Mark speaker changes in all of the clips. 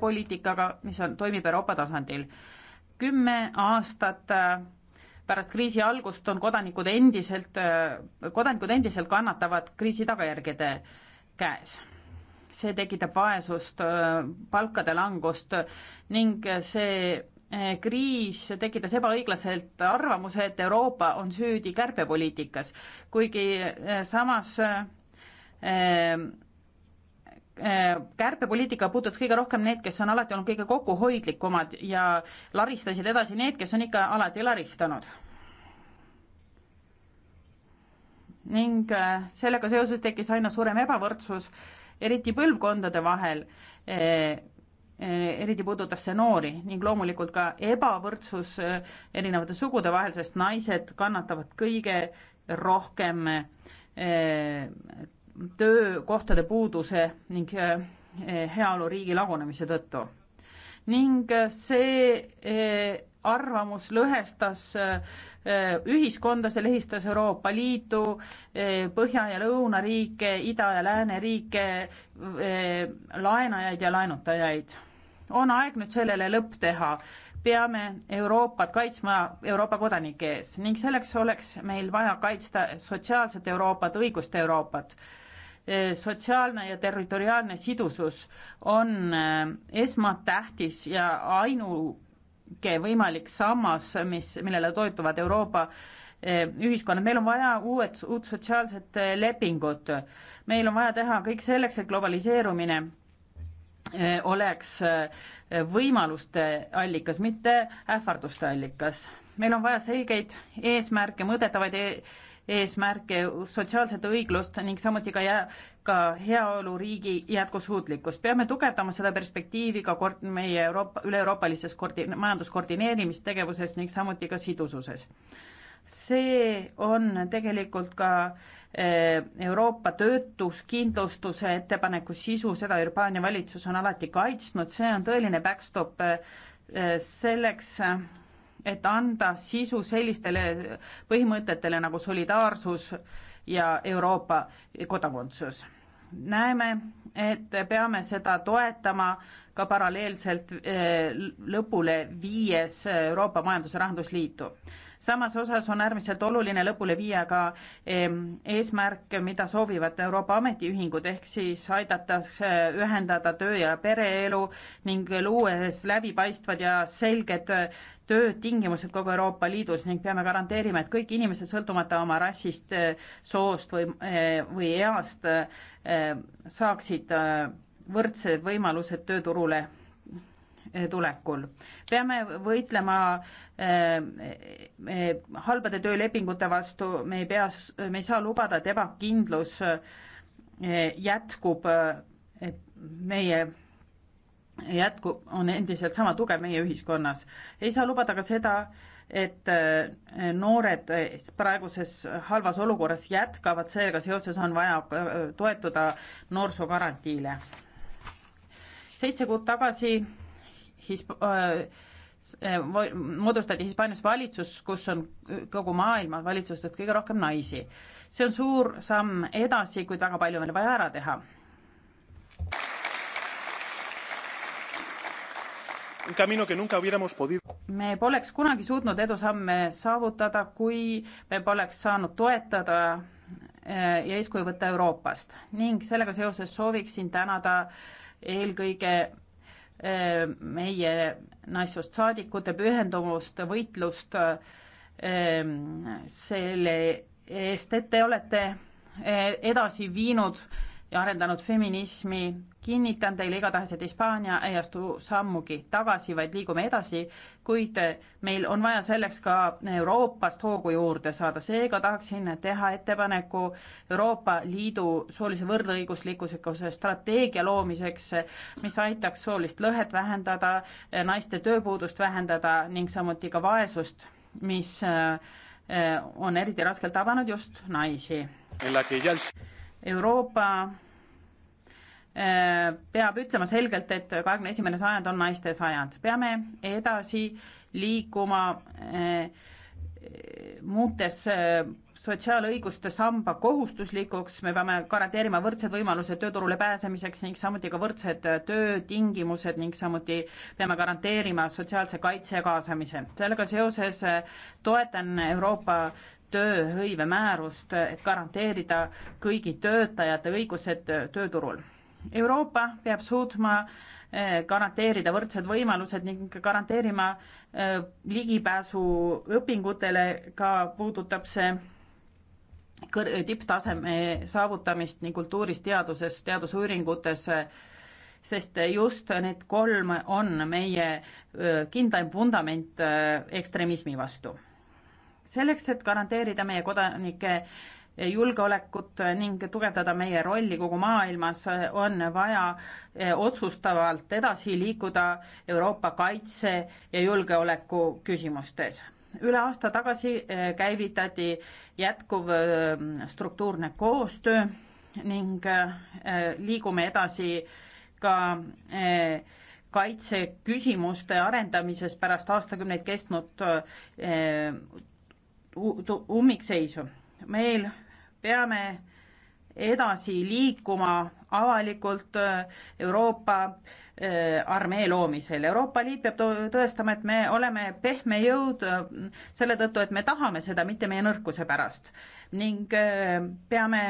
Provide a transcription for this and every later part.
Speaker 1: poliitikaga, mis on, toimib Euroopa tasandil. kümme aastat äh, pärast kriisi algust on kodanikud endiselt, äh, kodanikud endiselt kannatavad kriisi tagajärgede käes. see tekitab vaesust, äh, palkade langust ning see kriis tekitas ebaõiglaselt arvamuse, et Euroopa on süüdi kärpepoliitikas, kuigi samas Äh, kärpepoliitika puudutas kõige rohkem need, kes on alati olnud kõige kokkuhoidlikumad ja laristasid edasi need, kes on ikka alati laristanud. ning äh, sellega seoses tekkis aina suurem ebavõrdsus, eriti põlvkondade vahel, äh, eriti puudutas see noori ning loomulikult ka ebavõrdsus erinevate sugude vahel, sest naised kannatavad kõige rohkem töökohtade puuduse ning eh, eh, heaoluriigi lagunemise tõttu. ning eh, see arvamus lõhestas ühiskonda, see lõhistas Euroopa Liitu, Põhja- ja Lõunariike, Ida- ja Lääneriike, laenajaid ja laenutajaid. on aeg nüüd sellele lõpp teha. peame Euroopat kaitsma Euroopa kodanike ees ning selleks oleks meil vaja kaitsta sotsiaalset Euroopat, õigust Euroopat Eh, sotsiaalne ja territoriaalne sidusus on eh, esmatähtis ja ainuke võimalik sammas, mis, millele toetuvad Euroopa eh, ühiskonnad, meil on vaja uued, uut sotsiaalset lepingut. meil on vaja teha kõik selleks, et globaliseerumine oleks võimaluste allikas, mitte ähvarduste allikas. meil on vaja selgeid eesmärke, mõõdetavaid e eesmärke, sotsiaalset õiglust ning samuti ka jää-, ka heaoluriigi jätkusuutlikkust. peame tugevdama seda perspektiivi ka kord-, meie Euroopa, üle-euroopalises koordi-, majanduskoordineerimistegevuses ning samuti ka sidususes. see on tegelikult ka eh, Euroopa töötuskindlustuse ettepaneku sisu, seda Urbaania valitsus on alati kaitsnud, see on tõeline backstop eh, selleks, et anda sisu sellistele põhimõtetele nagu solidaarsus ja Euroopa kodakondsus. näeme, et peame seda toetama ka paralleelselt eh, lõpule viies Euroopa Majandus- ja Rahandusliitu. samas osas on äärmiselt oluline lõpule viia ka eh, eesmärk, mida soovivad Euroopa ametiühingud, ehk siis aidata eh, ühendada töö- ja pereelu ning luues läbipaistvad ja selged töötingimused kogu Euroopa Liidus ning peame garanteerima, et kõik inimesed, sõltumata oma rassist, soost või, või east, saaksid olid äh, võrdsed võimalused tööturule äh, tulekul. peame võitlema äh, halbade töölepingute vastu, me ei pea, me ei saa lubada, et ebakindlus jätkub meie jätkub, on endiselt sama tugev meie ühiskonnas. ei saa lubada ka seda, et äh, noored äh, praeguses halvas olukorras jätkavad, sellega seoses on vaja äh, toetuda noorsoogarantiile. seitse kuud tagasi Hisp- äh,, moodustati Hispaanias valitsus, kus on kogu maailma valitsustest kõige rohkem naisi. see on suur samm edasi, kuid väga palju on veel vaja ära teha. me poleks kunagi suutnud edusamme saavutada, kui me poleks saanud toetada eh, ja eeskuju võtta Euroopast ning sellega seoses sooviksin tänada eelkõige eh, meie naissoost saadikute pühendumust, võitlust eh, selle eest, et te olete edasi viinud ja arendanud feminismi. kinnitan teile igatahes, et Hispaania ei astu sammugi tagasi, vaid liigume edasi, kuid meil on vaja selleks ka Euroopast hoogu juurde saada, seega tahaksin teha ettepaneku Euroopa Liidu soolise võrdõiguslikkuse strateegia loomiseks, mis aitaks soolist lõhet vähendada, naiste tööpuudust vähendada ning samuti ka vaesust, mis eh, on eriti raskelt tabanud just naisi. Euroopa eh, peab ütlema selgelt, et kahekümne esimene sajand on naiste sajand. peame edasi liikuma eh, muutes eh, sotsiaalõiguste samba kohustuslikuks, me peame garanteerima võrdsed võimalused tööturule pääsemiseks ning samuti ka võrdsed töötingimused ning samuti peame garanteerima sotsiaalse kaitse ja kaasamise. sellega seoses toetan Euroopa tööhõive määrust, et garanteerida kõigi töötajate õigused tööturul. Euroopa peab suutma eh, garanteerida võrdsed võimalused ning garanteerima eh, ligipääsu õpingutele, ka puudutab see kõr-, tipptaseme saavutamist nii kultuuris, teaduses, teadusuuringutes, sest just need kolm on meie eh, kindlaim vundament ekstremismi vastu selleks, et garanteerida meie kodanike julgeolekut ning tugevdada meie rolli kogu maailmas, on vaja eh, otsustavalt edasi liikuda Euroopa kaitse ja julgeoleku küsimustes. üle aasta tagasi eh, käivitati jätkuv eh, struktuurne koostöö ning liigume edasi ka kaitseküsimuste arendamises pärast aastakümneid kestnud ummikseisu. meil peame edasi liikuma avalikult äh, Euroopa äh, armee loomisel. Euroopa Liit peab tõestama, et me oleme pehme jõud äh, selle tõttu, et me tahame seda, mitte meie nõrkuse pärast. ning peame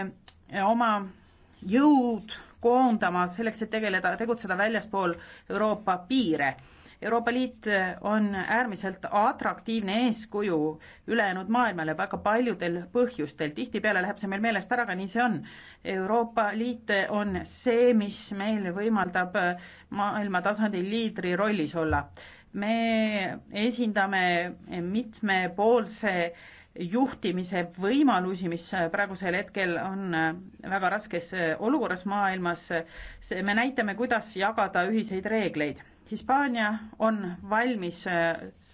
Speaker 1: oma jõud koondama selleks, et tegeleda, tegutseda väljaspool Euroopa piire Euroopa Liit on äärmiselt atraktiivne eeskuju ülejäänud maailmale väga paljudel põhjustel, tihtipeale läheb see meil meelest ära, aga nii see on. Euroopa Liit on see, mis meil võimaldab maailma tasandil liidri rollis olla. me esindame mitmepoolse juhtimise võimalusi, mis praegusel hetkel on väga raskes olukorras maailmas, me näitame, kuidas jagada ühiseid reegleid Hispaania on valmis äh,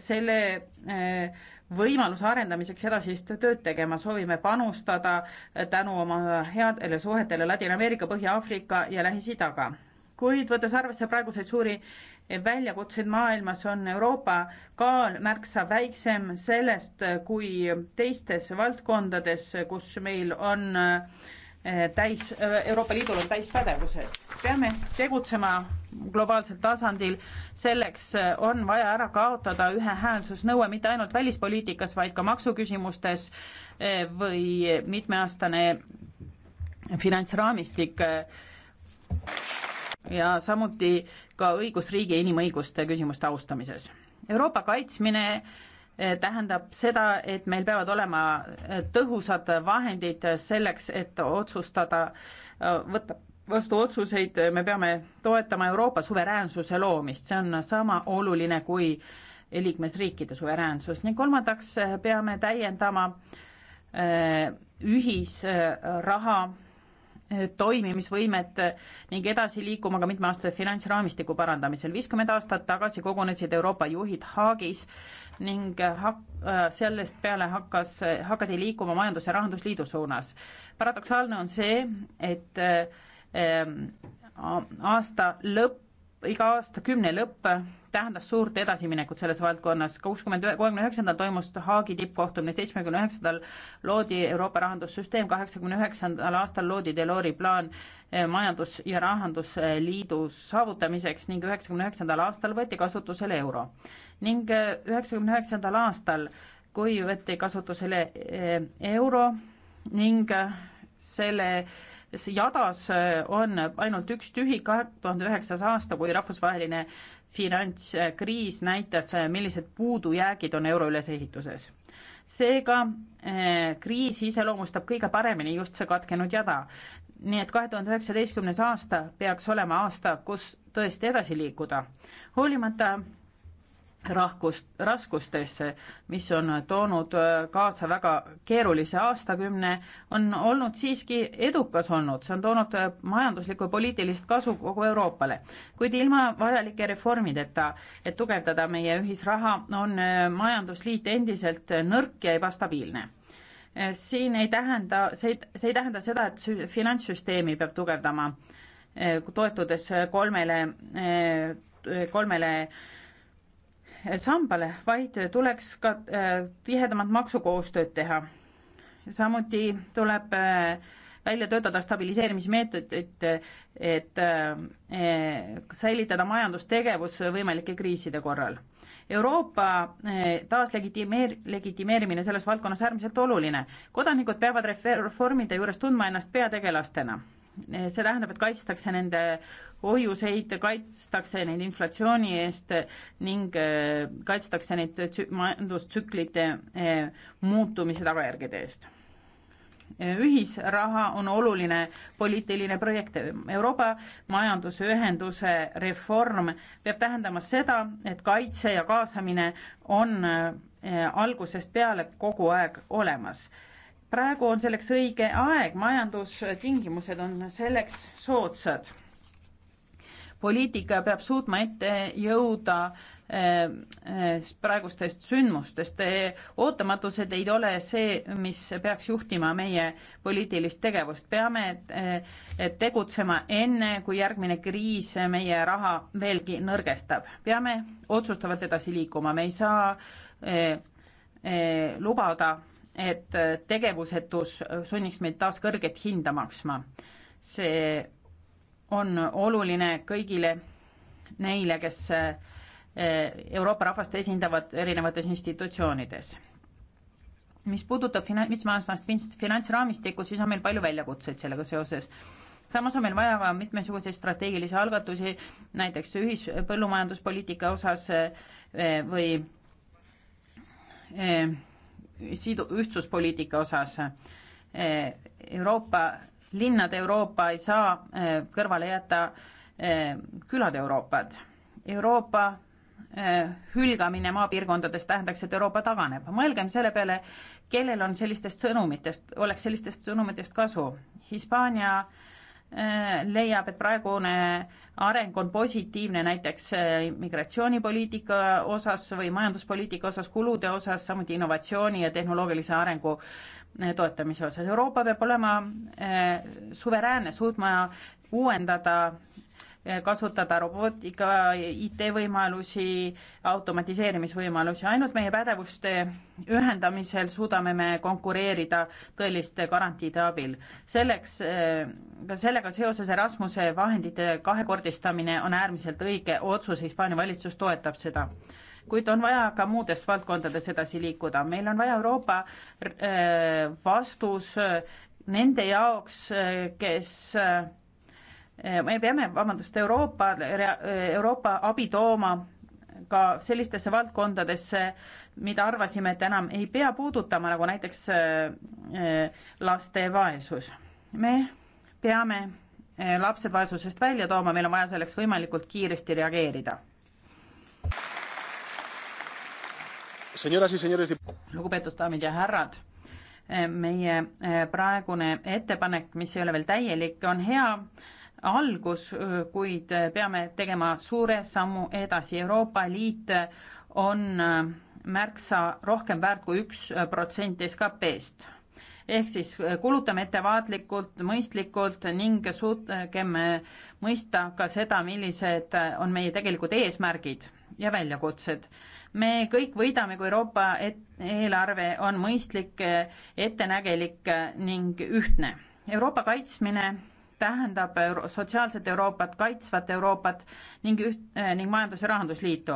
Speaker 1: selle äh, võimaluse arendamiseks edasist tööd tegema, soovime panustada äh, tänu oma headele suhetele Ladina-Ameerika, Põhja-Aafrika ja Lähis-Idaga. kuid võttes arvesse praeguseid suuri väljakutseid maailmas, on Euroopa kaal märksa väiksem sellest kui teistes valdkondades, kus meil on täis, Euroopa Liidul on täispädevused. peame tegutsema globaalsel tasandil, selleks äh, on vaja ära kaotada ühehäälsusnõue mitte ainult välispoliitikas, vaid ka maksuküsimustes äh, või mitmeaastane finantsraamistik äh, ja samuti ka õigusriigi ja inimõiguste küsimuste austamises. Euroopa kaitsmine tähendab seda, et meil peavad olema tõhusad vahendid selleks, et otsustada, võtta vastu otsuseid, me peame toetama Euroopa suveräänsuse loomist, see on sama oluline kui liikmesriikide suveräänsus ning kolmandaks eh, peame täiendama eh, ühisraha eh, toimimisvõimet ning edasi liikuma ka mitmeaastase finantsraamistiku parandamisel. viiskümmend aastat tagasi kogunesid Euroopa juhid Haagis ning hak-, sellest peale hakkas, hakati liikuma Majandus- ja Rahandusliidu suunas. paradoksaalne on see, et Ehm, aasta lõpp, iga aastakümne lõpp tähendas suurt edasiminekut selles valdkonnas. kuuskümmend ühe, kolmekümne üheksandal toimus Haagi tippkohtumine, seitsmekümne üheksandal loodi Euroopa rahandussüsteem, kaheksakümne üheksandal aastal loodi Delori plaan eh, majandus- ja rahandusliidu saavutamiseks ning üheksakümne üheksandal aastal võeti kasutusele euro. ning eh, üheksakümne üheksandal aastal, kui võeti kasutusele eh, euro ning selle jadas äh, on ainult üks tühi kahe tuhande üheksas aasta, kui rahvusvaheline finantskriis näitas, äh, millised puudujäägid on euro ülesehituses. seega äh, kriis iseloomustab kõige paremini just see katkenud jada. nii et kahe tuhande üheksateistkümnes aasta peaks olema aasta, kus tõesti edasi liikuda. hoolimata rahkust, raskustesse, mis on toonud kaasa väga keerulise aastakümne, on olnud siiski edukas olnud, see on toonud majanduslikku ja poliitilist kasu kogu Euroopale. kuid ilma vajalike reformideta, et tugevdada meie ühisraha, on majandusliit endiselt nõrk ja ebastabiilne siin ei tähenda, see ei, see ei tähenda seda, et finantssüsteemi peab tugevdama, toetudes kolmele, kolmele sambale, vaid tuleks ka äh, tihedamat maksukoostööd teha. samuti tuleb äh, välja töötada stabiliseerimismeetodid, et äh, säilitada majandustegevus võimalike kriiside korral. Euroopa taaslegitimeer-, legitimeerimine selles valdkonnas äärmiselt oluline. kodanikud peavad reformide juures tundma ennast peategelastena see tähendab, et kaitstakse nende hoiuseid, kaitstakse neid inflatsiooni eest ning äh, kaitstakse neid majandustsüklite äh, muutumise tagajärgede eest. ühisraha on oluline poliitiline projekt, Euroopa Majandusühenduse reform peab tähendama seda, et kaitse ja kaasamine on äh, algusest peale kogu aeg olemas praegu on selleks õige aeg, majandustingimused on selleks soodsad. poliitika peab suutma ette jõuda eh, eh, praegustest sündmustest. Eh, ootamatused ei ole see, mis peaks juhtima meie poliitilist tegevust. peame tegutsema enne, kui järgmine kriis meie raha veelgi nõrgestab. peame otsustavalt edasi liikuma, me ei saa lubada et äh, tegevusetus äh, sunniks meid taas kõrget hinda maksma. see on oluline kõigile neile, kes äh, Euroopa rahvast esindavad erinevates institutsioonides. mis puudutab fina-, mitmesmaast finantsraamistikku, siis on meil palju väljakutseid sellega seoses. samas on meil vaja mitmesuguseid strateegilisi algatusi, näiteks ühispõllumajanduspoliitika osas või sidu-, ühtsuspoliitika osas. Eh, Euroopa, linnade Euroopa ei saa eh, kõrvale jätta eh, külade Euroopat. Euroopa hülgamine maapiirkondades tähendaks, et Euroopa taganeb. mõelgem selle peale, kellel on sellistest sõnumitest, oleks sellistest sõnumitest kasu. Hispaania äh, leiab, et praegune areng on positiivne näiteks äh, migratsioonipoliitika osas või majanduspoliitika osas, kulude osas, samuti innovatsiooni ja tehnoloogilise arengu äh, toetamise osas. Euroopa peab olema äh, suveräänne, suutma uuendada Äh, kasutada robootika, IT-võimalusi, automatiseerimisvõimalusi, ainult meie pädevuste ühendamisel suudame me konkureerida tõeliste garantiide abil. selleks, äh, ka sellega seoses Erasmuse vahendite kahekordistamine on äärmiselt õige otsus, Hispaania valitsus toetab seda kuid on vaja ka muudes valdkondades edasi liikuda. meil on vaja Euroopa äh, vastus nende jaoks, kes Eh, me peame, vabandust, Euroopa, Euroopa abi tooma ka sellistesse valdkondadesse, mida arvasime, et enam ei pea puudutama, nagu näiteks eh, eh, laste vaesus. me peame lapsed vaesusest välja tooma, meil on vaja selleks võimalikult kiiresti reageerida. lugupeetud daamid ja härrad, meie praegune ettepanek, mis ei ole veel täielik, on hea algus, kuid peame tegema suure sammu edasi. Euroopa Liit on märksa rohkem väärt kui üks protsent SKP-st. ehk siis kulutame ettevaatlikult, mõistlikult ning suutkem mõista ka seda, millised on meie tegelikud eesmärgid ja väljakutsed. me kõik võidame, kui Euroopa eelarve on mõistlik, ettenägelik ning ühtne. Euroopa kaitsmine tähendab euro sotsiaalset Euroopat, kaitsvat Euroopat ning üht- eh, ning Majandus- ja Rahandusliitu.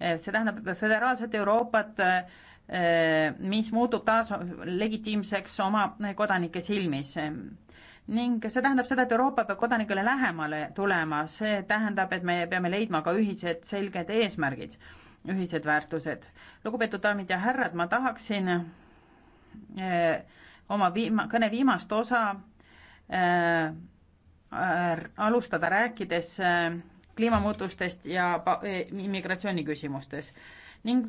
Speaker 1: Eh, see tähendab föderaalset Euroopat eh,, mis muutub taas legitiimseks oma kodanike silmis ning see tähendab seda, et Euroopa peab kodanikele lähemale tulema, see tähendab, et me peame leidma ka ühised selged eesmärgid, ühised väärtused. lugupeetud daamid ja härrad, ma tahaksin eh, oma viima-, kõne viimast osa äh, Äh, alustada rääkides äh, kliimamuutustest ja äh, immigratsiooniküsimustes ning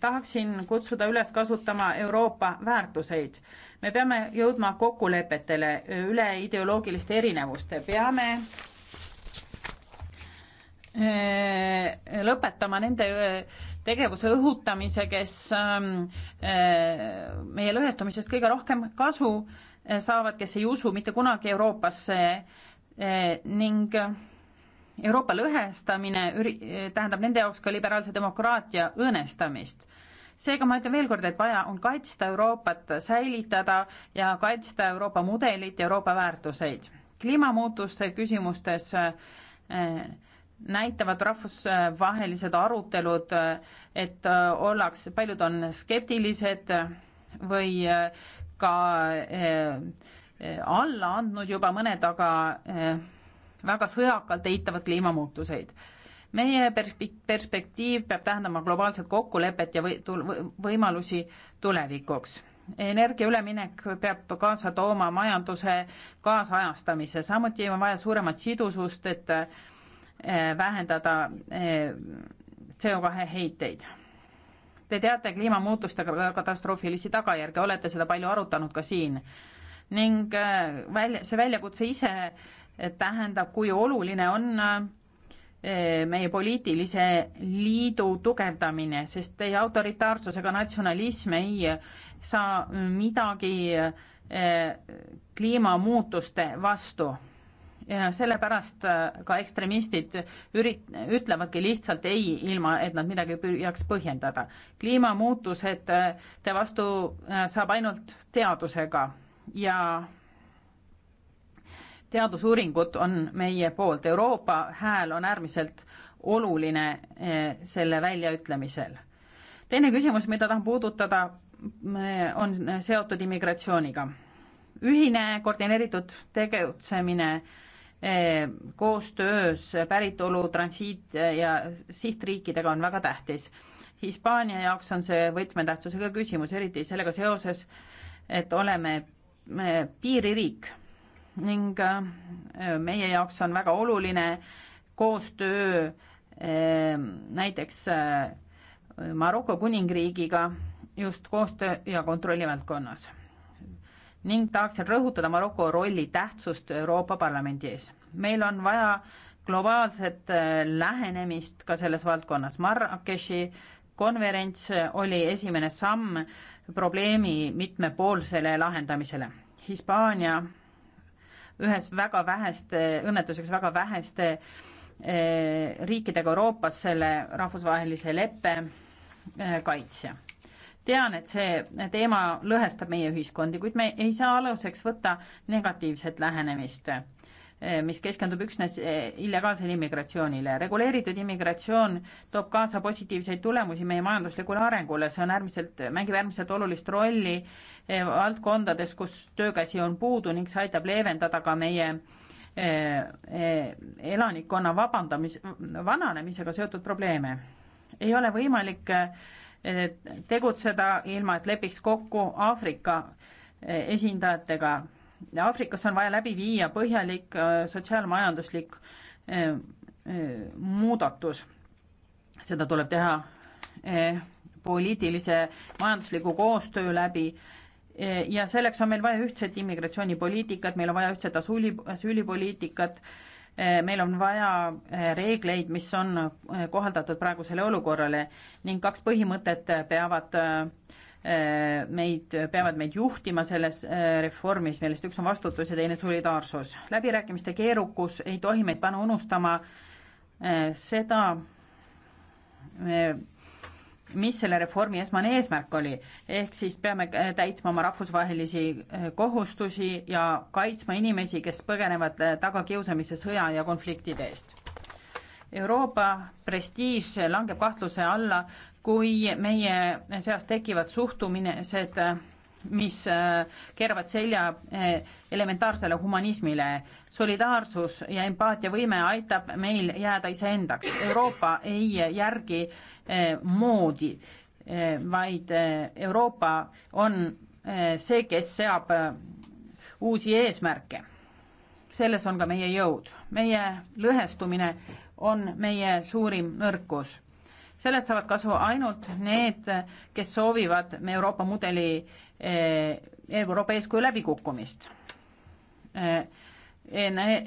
Speaker 1: tahaksin kutsuda üles kasutama Euroopa väärtuseid. me peame jõudma kokkulepetele üle ideoloogiliste erinevuste, peame lõpetama nende tegevuse õhutamise, kes ähm, meie lõhestumisest kõige rohkem kasu saavad, kes ei usu mitte kunagi Euroopasse Eh, ning Euroopa lõhestamine üri-, eh, tähendab nende jaoks ka liberaalse demokraatia õõnestamist. seega ma ütlen veel kord, et vaja on kaitsta Euroopat, säilitada ja kaitsta Euroopa mudelit ja Euroopa väärtuseid. kliimamuutuste küsimustes eh, näitavad rahvusvahelised arutelud, et ollakse, paljud on skeptilised või ka Eh, alla andnud juba mõned, aga eh, väga sõjakalt eitavad kliimamuutuseid. meie persp-, perspektiiv peab tähendama globaalset kokkulepet ja või-, võimalusi tulevikuks. energia üleminek peab kaasa tooma majanduse kaasajastamise, samuti on vaja suuremat sidusust, et eh, vähendada CO2 heiteid Te teate kliimamuutustega katastroofilisi tagajärgi, olete seda palju arutanud ka siin ning äh, välja, see väljakutse ise äh, tähendab, kui oluline on äh, meie poliitilise liidu tugevdamine, sest teie autoritaarsusega natsionalism ei saa midagi kliimamuutuste vastu. ja sellepärast ka ekstremistid ürit-, ütlevadki lihtsalt ei, ilma et nad midagi püüaks põhjendada. kliimamuutused vastu saab ainult teadusega ja teadusuuringud on meie poolt, Euroopa hääl on äärmiselt oluline eh, selle väljaütlemisel. teine küsimus, mida tahan puudutada, eh, on seotud immigratsiooniga. ühine koordineeritud tegutsemine eh, koostöös päritolu, transiit ja sihtriikidega on väga tähtis. Hispaania jaoks on see võtmetähtsusega küsimus, eriti sellega seoses, et oleme piiririik ning äh, meie jaoks on väga oluline koostöö äh, näiteks äh, Maroko kuningriigiga just koostöö ja kontrolli valdkonnas. ning tahaksin rõhutada Maroko rolli tähtsust Euroopa Parlamendi ees. meil on vaja globaalset lähenemist ka selles valdkonnas. Marrakechi konverents oli esimene samm probleemi mitmepoolsele lahendamisele. Hispaania ühes väga väheste, õnnetuseks väga väheste eh, riikidega Euroopas selle rahvusvahelise leppe eh, kaitsja. tean, et see teema lõhestab meie ühiskondi, kuid me ei saa aluseks võtta negatiivset lähenemist. Eh, mis keskendub üksnes eh, illegaalsele immigratsioonile. reguleeritud immigratsioon toob kaasa positiivseid tulemusi meie majanduslikule arengule, see on äärmiselt, mängib äärmiselt olulist rolli eh, valdkondades, kus töökäsi on puudu ning see aitab leevendada ka meie elanikkonna vabandamis, vananemisega seotud probleeme. ei ole võimalik tegutseda ilma, et lepiks kokku Aafrika esindajatega Aafrikas on vaja läbi viia põhjalik äh, sotsiaalmajanduslik äh, äh, muudatus. seda tuleb teha poliitilise majandusliku koostöö läbi ja selleks on meil vaja ühtset immigratsioonipoliitikat, meil on vaja ühtset asuuli, asüülipoliitikat, meil on vaja reegleid, mis on kohaldatud praegusele olukorrale ning kaks põhimõtet peavad äh, Äh, meid, peavad meid juhtima selles äh, reformis, millest üks on vastutus ja teine solidaarsus. läbirääkimiste keerukus ei tohi meid panna unustama äh, seda, mis selle reformi esmane eesmärk oli, ehk siis peame täitma oma rahvusvahelisi kohustusi ja kaitsma inimesi, kes põgenevad tagakiusamise, sõja ja konfliktide eest. Euroopa prestiiž langeb kahtluse alla, kui meie seas tekivad suhtumised, mis äh, keeravad selja äh, elementaarsele humanismile. solidaarsus ja empaatiavõime aitab meil jääda iseendaks. Euroopa ei järgi äh, moodi, vaid Euroopa on see, kes seab uusi eesmärke. selles on ka meie jõud. meie lõhestumine on meie suurim nõrkus sellest saavad kasu ainult need, kes soovivad Euroopa mudeli, eh, Euroopa eeskuju läbikukkumist. Eh, eh,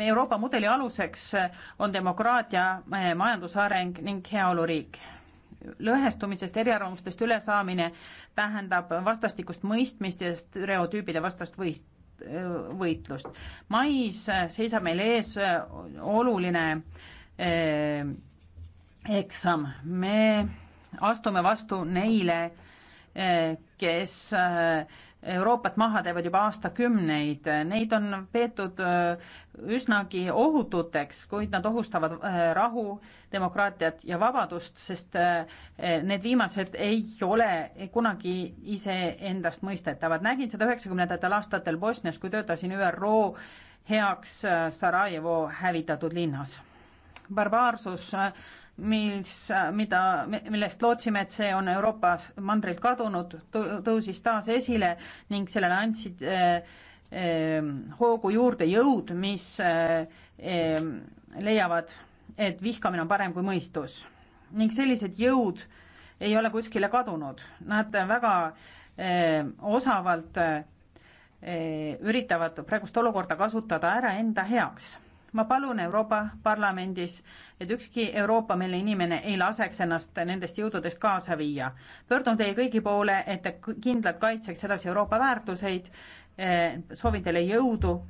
Speaker 1: Euroopa mudeli aluseks on demokraatia, majandusareng ning heaoluriik lõhestumisest, eriarvamustest ülesaamine tähendab vastastikust mõistmist ja stereotüübide vastast võit-, võitlust. mais seisab meil ees oluline eksam. me astume vastu neile, eh, kes eh, Euroopat maha teevad juba aastakümneid, neid on peetud eh, üsnagi ohututeks, kuid nad ohustavad rahu, demokraatiat ja vabadust, sest need viimased ei ole kunagi iseendast mõistetavad. nägin seda üheksakümnendatel aastatel Bosnias, kui töötasin ÜRO heaks Sarajevo hävitatud linnas. barbaarsus mis, mida, millest lootsime, et see on Euroopa mandrilt kadunud, tõusis taas esile ning sellele andsid eh, eh, hoogu juurde jõud, mis eh, eh, leiavad, et vihkamine on parem kui mõistus. ning sellised jõud ei ole kuskile kadunud, nad väga eh, osavalt eh, üritavad praegust olukorda kasutada ära enda heaks ma palun Euroopa Parlamendis, et ükski Euroopa-meelne inimene ei laseks ennast nendest jõududest kaasa viia. pöördun teie kõigi poole, et te kindlalt kaitseks edasi Euroopa väärtuseid, eh, soovin teile jõudu,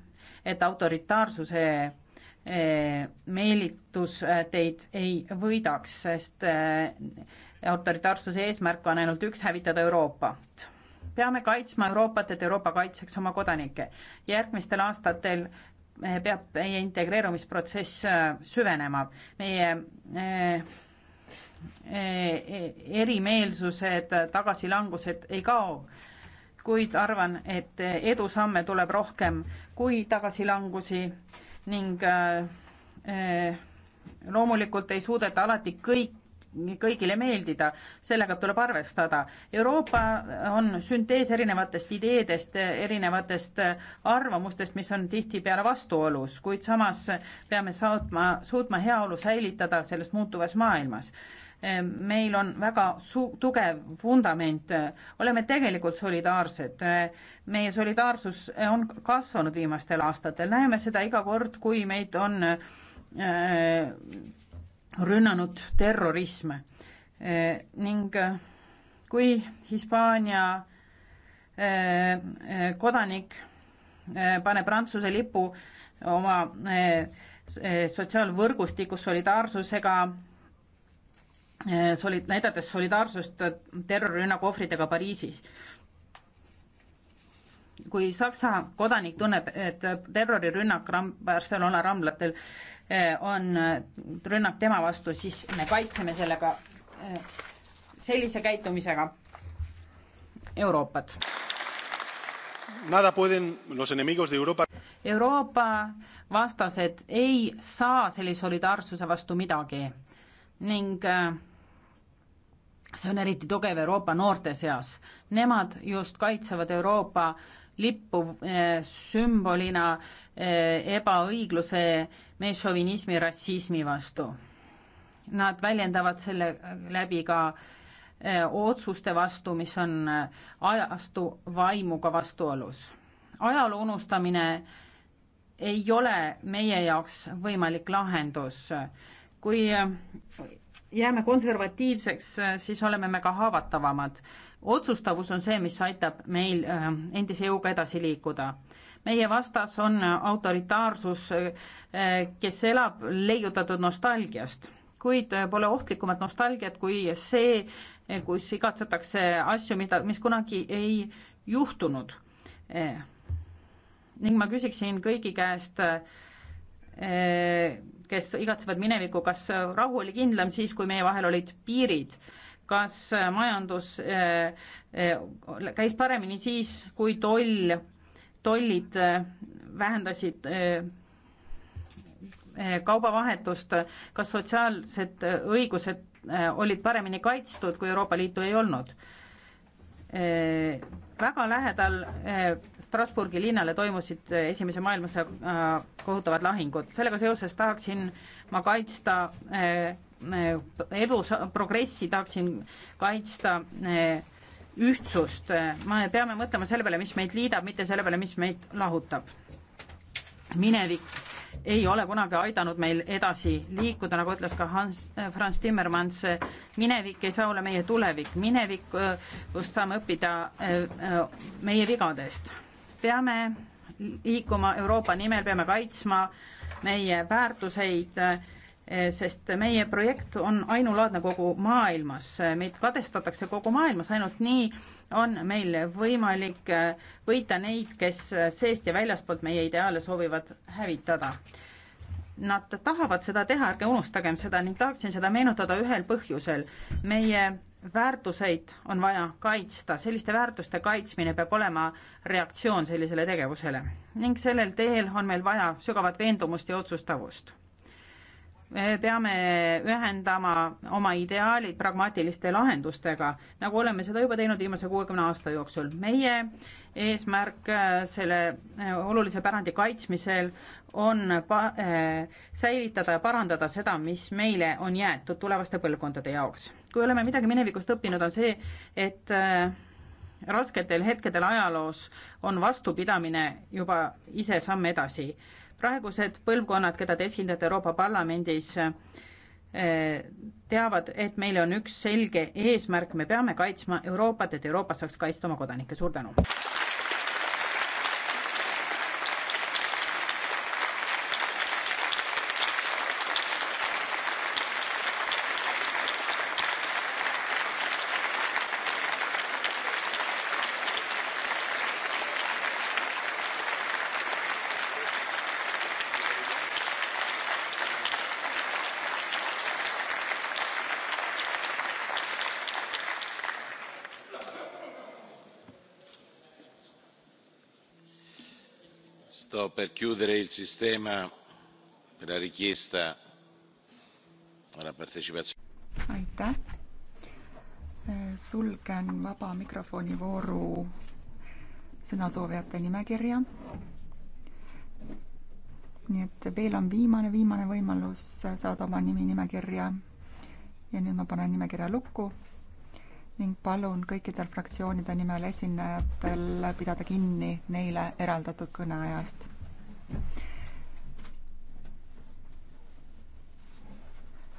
Speaker 1: et autoritaarsuse eh, meelitus eh, teid ei võidaks, sest autoritaarsuse eesmärk on ainult üks, hävitada Euroopat. peame kaitsma Euroopat, et Euroopa kaitseks oma kodanikke. järgmistel aastatel Eh, peab meie integreerumisprotsess eh, süvenema. meie eh, erimeelsused, tagasilangused ei kao, kuid arvan, et edusamme tuleb rohkem kui tagasilangusi ning loomulikult ei suudeta alati kõik kõigile meeldida, sellega tuleb arvestada. Euroopa on süntees erinevatest ideedest, erinevatest arvamustest, mis on tihtipeale vastuolus, kuid samas peame saatma, suutma heaolu säilitada selles muutuvas maailmas meil on väga su-, tugev vundament, oleme tegelikult solidaarsed. meie solidaarsus on kasvanud viimastel aastatel, näeme seda iga kord, kui meid on äh, rünnanud terrorisme eh, ning eh, kui Hispaania eh, kodanik paneb Prantsuse lipu oma sotsiaalvõrgustikus solidaarsusega, soli-, näidates solidaarsust terrorirünnaku ohvritega Pariisis. kui Saksa kodanik tunneb, et terrorirünnak Ram-, Barcelona ramblatel Eh, on eh, rünnak tema vastu, siis me kaitseme sellega, eh, sellise käitumisega Euroopat. Euroopa vastased ei saa sellise solidaarsuse vastu midagi ning see on eriti tugev Euroopa noorte seas. Nemad just kaitsevad Euroopa lippu eh, sümbolina eh, ebaõigluse, meesšovinismi, rassismi vastu. Nad väljendavad selle eh, läbi ka otsuste vastu, mis on ajastu vaimuga vastuolus. ajaloo unustamine ei ole meie jaoks võimalik lahendus. kui jääme konservatiivseks, siis oleme me ka haavatavamad otsustavus on see, mis aitab meil äh, endise jõuga edasi liikuda. meie vastas on äh, autoritaarsus, äh, kes elab leiutatud nostalgiast, kuid pole ohtlikumat nostalgiat kui see, kus igatsetakse asju, mida, mis kunagi ei juhtunud. ning ma küsiksin kõigi käest, kes igatsevad minevikku, kas rahu oli kindlam siis, kui meie vahel olid piirid kas majandus eh, eh, käis paremini siis, kui toll, tollid eh, vähendasid kaubavahetust, kas sotsiaalsed õigused olid paremini kaitstud, kui Euroopa Liitu ei olnud? väga lähedal Strasbourgi linnale toimusid Esimese maailmasõja kohutavad lahingud, sellega seoses tahaksin ma kaitsta Äh, edu, progressi, tahaksin kaitsta äh, ühtsust. me peame mõtlema selle peale, mis meid liidab, mitte selle peale, mis meid lahutab. minevik ei ole kunagi aidanud meil edasi liikuda, nagu ütles ka Hans, äh, Franz Timmermans, minevik ei saa olla meie tulevik, minevikust saame õppida meie vigadest. peame liikuma Euroopa nimel, peame kaitsma meie väärtuseid Eh, sest meie projekt on ainulaadne kogu maailmas, eh, meid kadestatakse kogu maailmas, ainult nii on meil võimalik eh, võita neid, kes seest ja väljaspoolt meie ideaale soovivad hävitada. Nad tahavad seda teha, ärge unustagem seda ning tahaksin seda meenutada ühel põhjusel. meie väärtuseid on vaja kaitsta, selliste väärtuste kaitsmine peab olema reaktsioon sellisele tegevusele ning sellel teel on meil vaja sügavat veendumust ja otsustavust me peame ühendama oma ideaalid pragmaatiliste lahendustega, nagu oleme seda juba teinud viimase kuuekümne aasta jooksul. meie eesmärk äh, selle äh, olulise pärandi kaitsmisel on pa-, äh, säilitada ja parandada seda, mis meile on jäetud tulevaste põlvkondade jaoks. kui oleme midagi minevikust õppinud, on see, et rasketel hetkedel ajaloos on vastupidamine juba ise samm edasi praegused põlvkonnad, keda te esindate Euroopa Parlamendis, eh, teavad, et meil on üks selge eesmärk, me peame kaitsma Euroopat, et Euroopa saaks kaitsta oma kodanikke, suur tänu!
Speaker 2: sto per chiudere il sistema della richiesta alla partecipazione.
Speaker 3: aitäh! Eh, sulgen vaba mikrofoni vooru sõnasoovijate nimekirja. nii et veel on viimane, viimane võimalus saada oma nimi nimekirja. ja nüüd ma panen nimekirja lukku ning palun kõikidel fraktsioonide nimel esinejatel pidada kinni neile eraldatud kõneajast.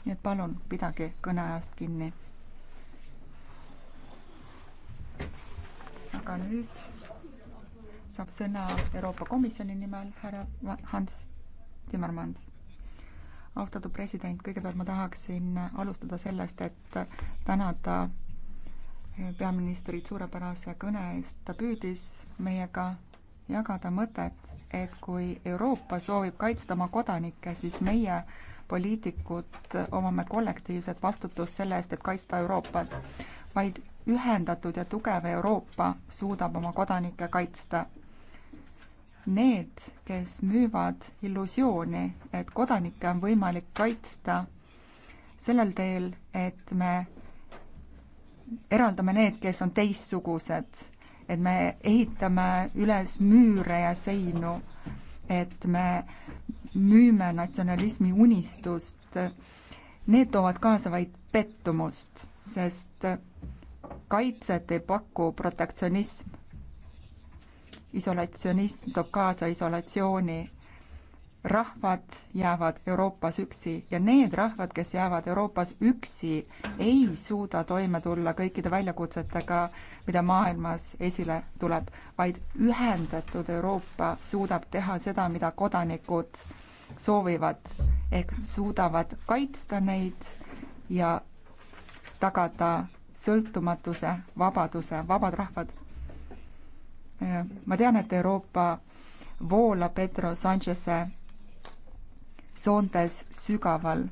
Speaker 3: nii et palun pidage kõneajast kinni. aga nüüd saab sõna Euroopa Komisjoni nimel härra Hans Timmermans austatud president, kõigepealt ma tahaksin alustada sellest, et tänada peaministrit suurepärase kõne eest. ta püüdis meiega jagada mõtet, et kui Euroopa soovib kaitsta oma kodanikke, siis meie, poliitikud, omame kollektiivset vastutust selle eest, et kaitsta Euroopat. vaid ühendatud ja tugev Euroopa suudab oma kodanikke kaitsta. Need, kes müüvad illusiooni, et kodanikke on võimalik kaitsta sellel teel, et me eraldame need, kes on teistsugused, et me ehitame üles müüre ja seinu, et me müüme natsionalismi unistust, need toovad kaasa vaid pettumust, sest kaitset ei paku protektsionism. isolatsionism toob kaasa isolatsiooni rahvad jäävad Euroopas üksi ja need rahvad, kes jäävad Euroopas üksi, ei suuda toime tulla kõikide väljakutsetega, mida maailmas esile tuleb, vaid ühendatud Euroopa suudab teha seda, mida kodanikud soovivad, ehk suudavad kaitsta neid ja tagada sõltumatuse, vabaduse, vabad rahvad. ma tean, et Euroopa voolab Pedro Sanchez'e soontes sügaval.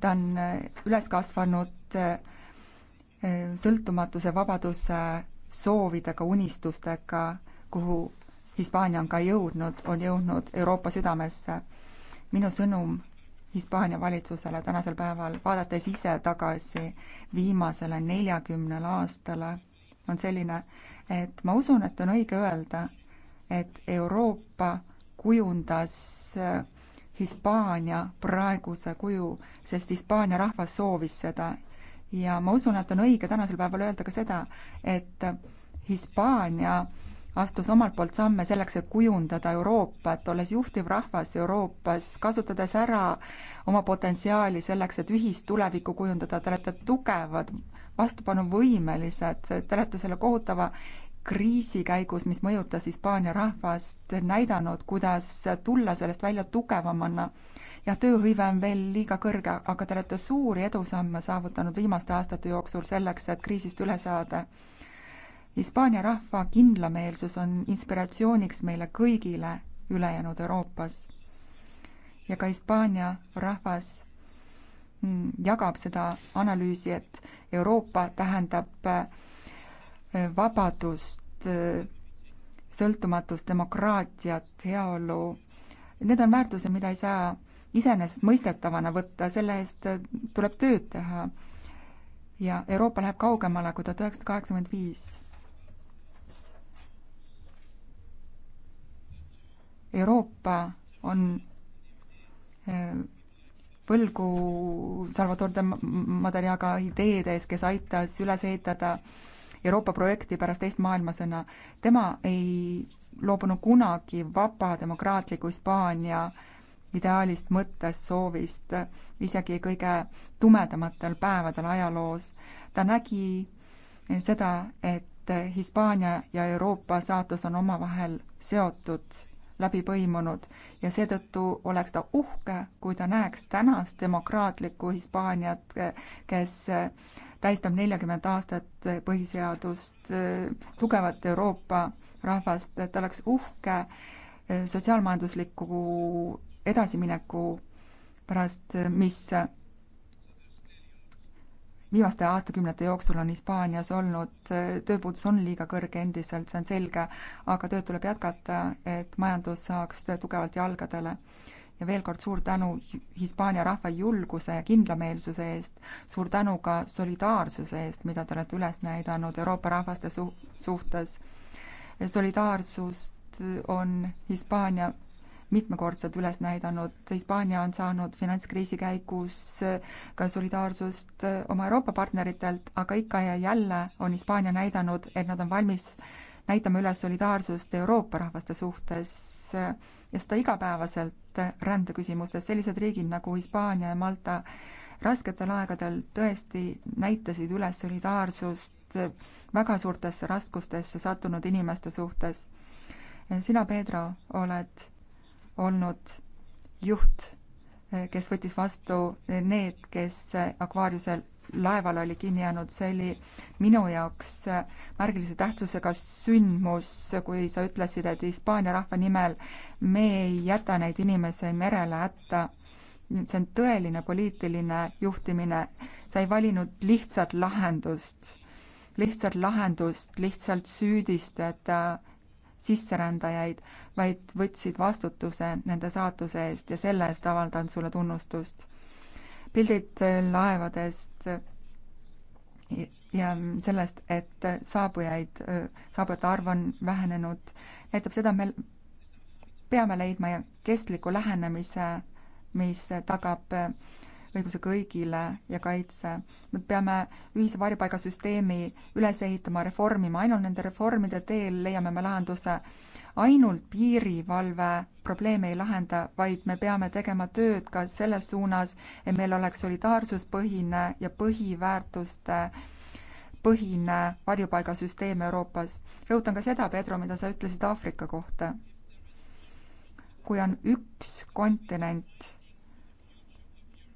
Speaker 3: ta on äh, üles kasvanud äh, sõltumatuse, vabaduse soovidega, unistustega, kuhu Hispaania on ka jõudnud, on jõudnud Euroopa südamesse. minu sõnum Hispaania valitsusele tänasel päeval, vaadates ise tagasi viimasele neljakümnele aastale, on selline, et ma usun, et on õige öelda, et Euroopa kujundas äh, Hispaania praeguse kuju, sest Hispaania rahvas soovis seda. ja ma usun, et on õige tänasel päeval öelda ka seda, et Hispaania astus omalt poolt samme selleks, et kujundada Euroopat, olles juhtiv rahvas Euroopas, kasutades ära oma potentsiaali selleks, et ühistulevikku kujundada, te olete tugevad, vastupanuvõimelised, te olete selle kohutava kriisi käigus, mis mõjutas Hispaania rahvast, näidanud, kuidas tulla sellest välja tugevamana. jah, tööhõive on veel liiga kõrge, aga te olete suuri edusamme saavutanud viimaste aastate jooksul selleks, et kriisist üle saada. Hispaania rahva kindlameelsus on inspiratsiooniks meile kõigile ülejäänud Euroopas. ja ka Hispaania rahvas mm, jagab seda analüüsi, et Euroopa tähendab äh, vabadust, sõltumatust, demokraatiat, heaolu. Need on väärtused, mida ei saa iseenesestmõistetavana võtta, selle eest tuleb tööd teha. ja Euroopa läheb kaugemale kui tuhat üheksasada kaheksakümmend viis. Euroopa on eh, võlgu Salvador de Madariaga ideede ees, kes aitas üles ehitada äh, Euroopa projekti pärast teist maailmasõna. tema ei loobunud kunagi vaba demokraatliku Hispaania ideaalist, mõttest, soovist, isegi kõige tumedamatel päevadel ajaloos. ta nägi seda, et Hispaania ja Euroopa saatus on omavahel seotud läbi põimunud ja seetõttu oleks ta uhke, kui ta näeks tänast demokraatlikku Hispaaniat, kes tähistab neljakümmet aastat põhiseadust, tugevat Euroopa rahvast, et oleks uhke eh, sotsiaalmajandusliku edasimineku pärast, eh, mis eh, viimaste aastakümnete jooksul on Hispaanias olnud, tööpuudus on liiga kõrge endiselt, see on selge, aga tööd tuleb jätkata, et majandus saaks tugevalt jalgadele ja ja veel kord suur tänu Hispaania rahva julguse ja kindlameelsuse eest, suur tänu ka solidaarsuse eest, mida te olete üles näidanud Euroopa rahvaste su-, suhtes. solidaarsust on Hispaania mitmekordselt üles näidanud, Hispaania on saanud finantskriisi käigus ka solidaarsust oma Euroopa partneritelt, aga ikka ja jälle on Hispaania näidanud, et nad on valmis näitame üles solidaarsust Euroopa rahvaste suhtes ja seda igapäevaselt rändeküsimustes. sellised riigid nagu Hispaania ja Malta rasketel aegadel tõesti näitasid üles solidaarsust väga suurtesse raskustesse sattunud inimeste suhtes. sina, Pedro, oled olnud juht, kes võttis vastu need, kes Akvaariusel laeval oli kinni jäänud, see oli minu jaoks märgilise tähtsusega sündmus, kui sa ütlesid, et Hispaania rahva nimel me ei jäta neid inimesi merele hätta. see on tõeline poliitiline juhtimine, sa ei valinud lihtsat lahendust, lihtsat lahendust, lihtsalt süüdistada sisserändajaid, vaid võtsid vastutuse nende saatuse eest ja selle eest avaldan sulle tunnustust pildid laevadest ja sellest, et saabujaid, saabujate arv on vähenenud, näitab seda, et me peame leidma kestliku lähenemise, mis tagab õiguse kõigile ja kaitse. me peame ühise varjupaigasüsteemi üles ehitama, reformima, ainult nende reformide teel leiame me lahenduse. ainult piirivalve probleeme ei lahenda, vaid me peame tegema tööd ka selles suunas, et meil oleks solidaarsuspõhine ja põhiväärtuste põhine varjupaigasüsteem Euroopas. rõhutan ka seda, Pedro, mida sa ütlesid Aafrika kohta. kui on üks kontinent,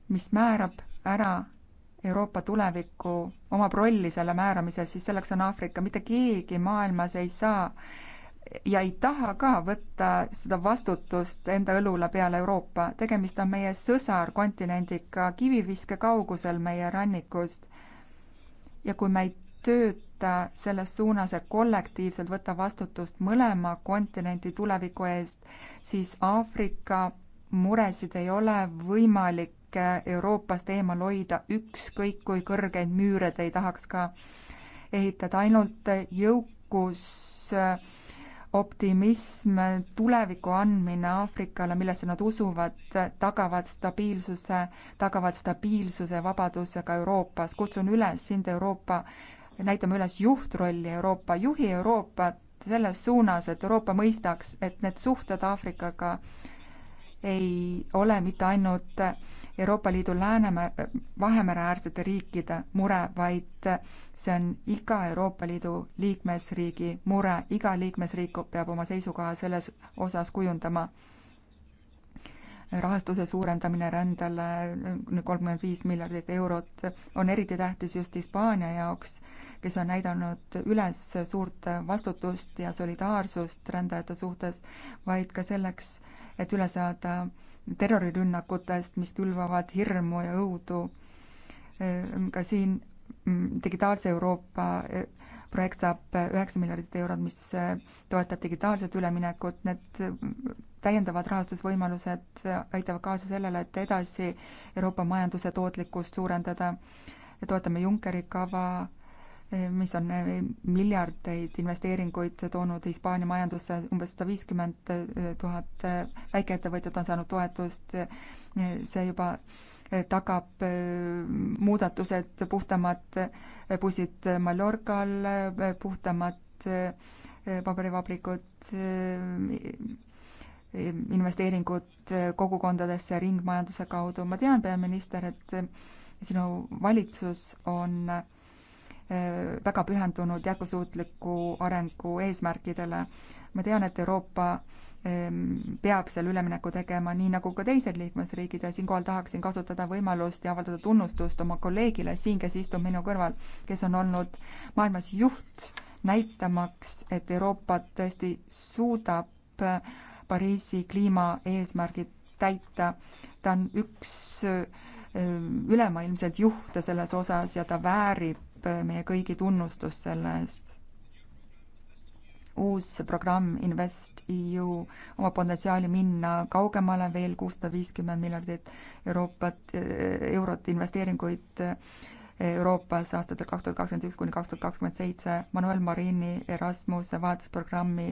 Speaker 3: mis määrab ära Euroopa tulevikku, omab rolli selle määramises, siis selleks on Aafrika. mitte keegi maailmas ei saa ja ei taha ka võtta seda vastutust enda õlule peale Euroopa. tegemist on meie sõsarkontinendiga kiviviske kaugusel meie rannikust. ja kui me ei tööta selles suunas, et kollektiivselt võtta vastutust mõlema kontinendi tuleviku eest, siis Aafrika muresid ei ole võimalik riike Euroopast eemal hoida, ükskõik kui kõrgeid müüre te ei tahaks ka ehitada, ainult jõukus, optimism, tuleviku andmine Aafrikale, millesse nad usuvad, tagavad stabiilsuse, tagavad stabiilsuse vabaduse ka Euroopas. kutsun üles sind, Euroopa, näitame üles juhtrolli Euroopa, juhi Euroopat selles suunas, et Euroopa mõistaks, et need suhted Aafrikaga ei ole mitte ainult Euroopa Liidu Läänemere, Vahemereäärsete riikide mure, vaid see on iga Euroopa Liidu liikmesriigi mure, iga liikmesriik peab oma seisukoha selles osas kujundama rahastuse suurendamine rändele kolmkümmend viis miljardit eurot on eriti tähtis just Hispaania jaoks, kes on näidanud üles suurt vastutust ja solidaarsust rändajate suhtes, vaid ka selleks, et üle saada terrorirünnakutest, mis külvavad hirmu ja õudu. ka siin mm, digitaalse Euroopa e, projekt saab üheksa miljardit eurot, mis e, toetab digitaalset üleminekut, need mm, täiendavad rahastusvõimalused e, aitavad kaasa sellele, et edasi Euroopa majanduse tootlikkust suurendada. toetame Junckeri kava mis on eh, miljardeid investeeringuid toonud Hispaania majandusse, umbes sada viiskümmend eh, tuhat eh, väikeettevõtjat on saanud toetust, see juba tagab muudatused, puhtamad bussid Mallorcal, puhtamad paberivabrikud, investeeringud kogukondadesse ringmajanduse kaudu, ma tean, peaminister, et sinu valitsus on äh, väga pühendunud jätkusuutliku arengu eesmärkidele. ma tean, et Euroopa ehm, peab seal ülemineku tegema, nii nagu ka teised liikmesriigid ja siinkohal tahaksin kasutada võimalust ja avaldada tunnustust oma kolleegile siin, kes istub minu kõrval, kes on olnud maailmas juht, näitamaks, et Euroopa tõesti suudab eh, Pariisi kliimaeesmärgid täita. ta on üks ehm, ülemaailmselt juhte selles osas ja ta väärib meie kõigi tunnustus selle eest. uus programm InvestEU omab potentsiaali minna kaugemale veel kuussada viiskümmend miljardit Euroopat, eh, eurot investeeringuid eh, Euroopas aastatel kaks tuhat kakskümmend üks kuni kaks tuhat kakskümmend seitse. Manuel Marini Erasmuse vahetusprogrammi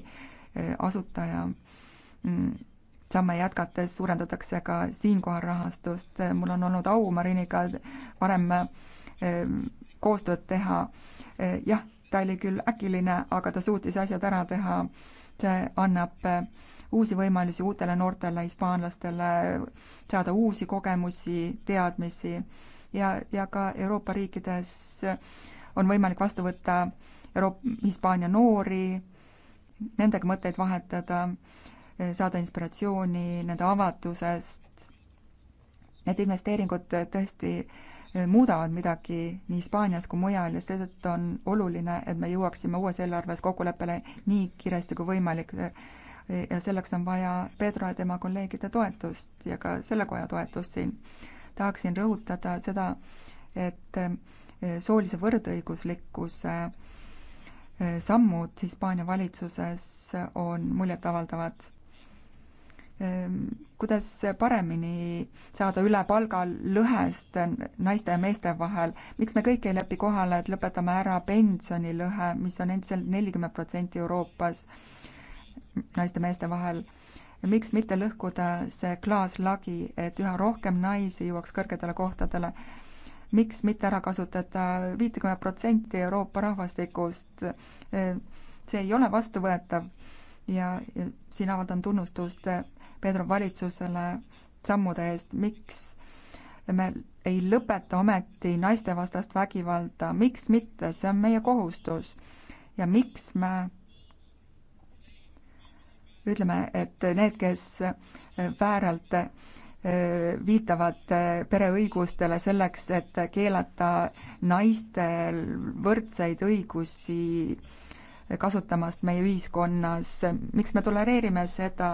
Speaker 3: eh, asutaja mm, samme jätkates suurendatakse ka siinkohal rahastust. mul on olnud au Mariniga varem koostööd teha. Eh, jah, ta oli küll äkiline, aga ta suutis asjad ära teha. see annab eh, uusi võimalusi uutele noortele hispaanlastele saada uusi kogemusi, teadmisi ja, ja ka Euroopa riikides on võimalik vastu võtta Euroop-, Hispaania noori, nendega mõtteid vahetada, eh, saada inspiratsiooni nende avatusest. Need investeeringud tõesti Eh, muudavad midagi nii Hispaanias kui mujal ja seetõttu on oluline, et me jõuaksime uues eelarves kokkuleppele nii kiiresti kui võimalik. ja selleks on vaja Pedro ja tema kolleegide toetust ja ka selle koja toetust siin. tahaksin rõhutada seda, et eh, soolise võrdõiguslikkuse eh, sammud Hispaania valitsuses on muljetavaldavad Ehm, kuidas paremini saada üle palgalõhest naiste ja meeste vahel, miks me kõik ei lepi kohale, et lõpetame ära pensionilõhe, mis on endiselt nelikümmend protsenti Euroopas naiste ja meeste vahel, ja miks mitte lõhkuda see klaaslagi, et üha rohkem naisi jõuaks kõrgetele kohtadele, miks mitte ära kasutada viitekümmet protsenti Euroopa rahvastikust, ehm, see ei ole vastuvõetav ja siin avaldan tunnustust Pedro valitsusele sammude eest, miks me ei lõpeta ometi naistevastast vägivalda, miks mitte, see on meie kohustus. ja miks me ütleme, et need, kes eh, vääralt eh, viitavad eh, pereõigustele selleks, et keelata naistel võrdseid õigusi kasutamast meie ühiskonnas, miks me tolereerime seda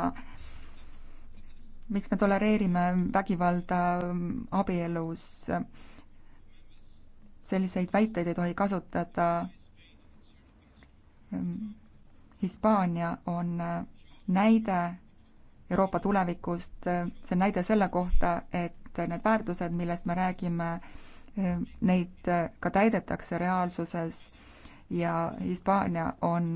Speaker 3: miks me tolereerime vägivalda abielus? selliseid väiteid ei tohi kasutada. Hispaania on näide Euroopa tulevikust, see on näide selle kohta, et need väärtused, millest me räägime, neid ka täidetakse reaalsuses ja Hispaania on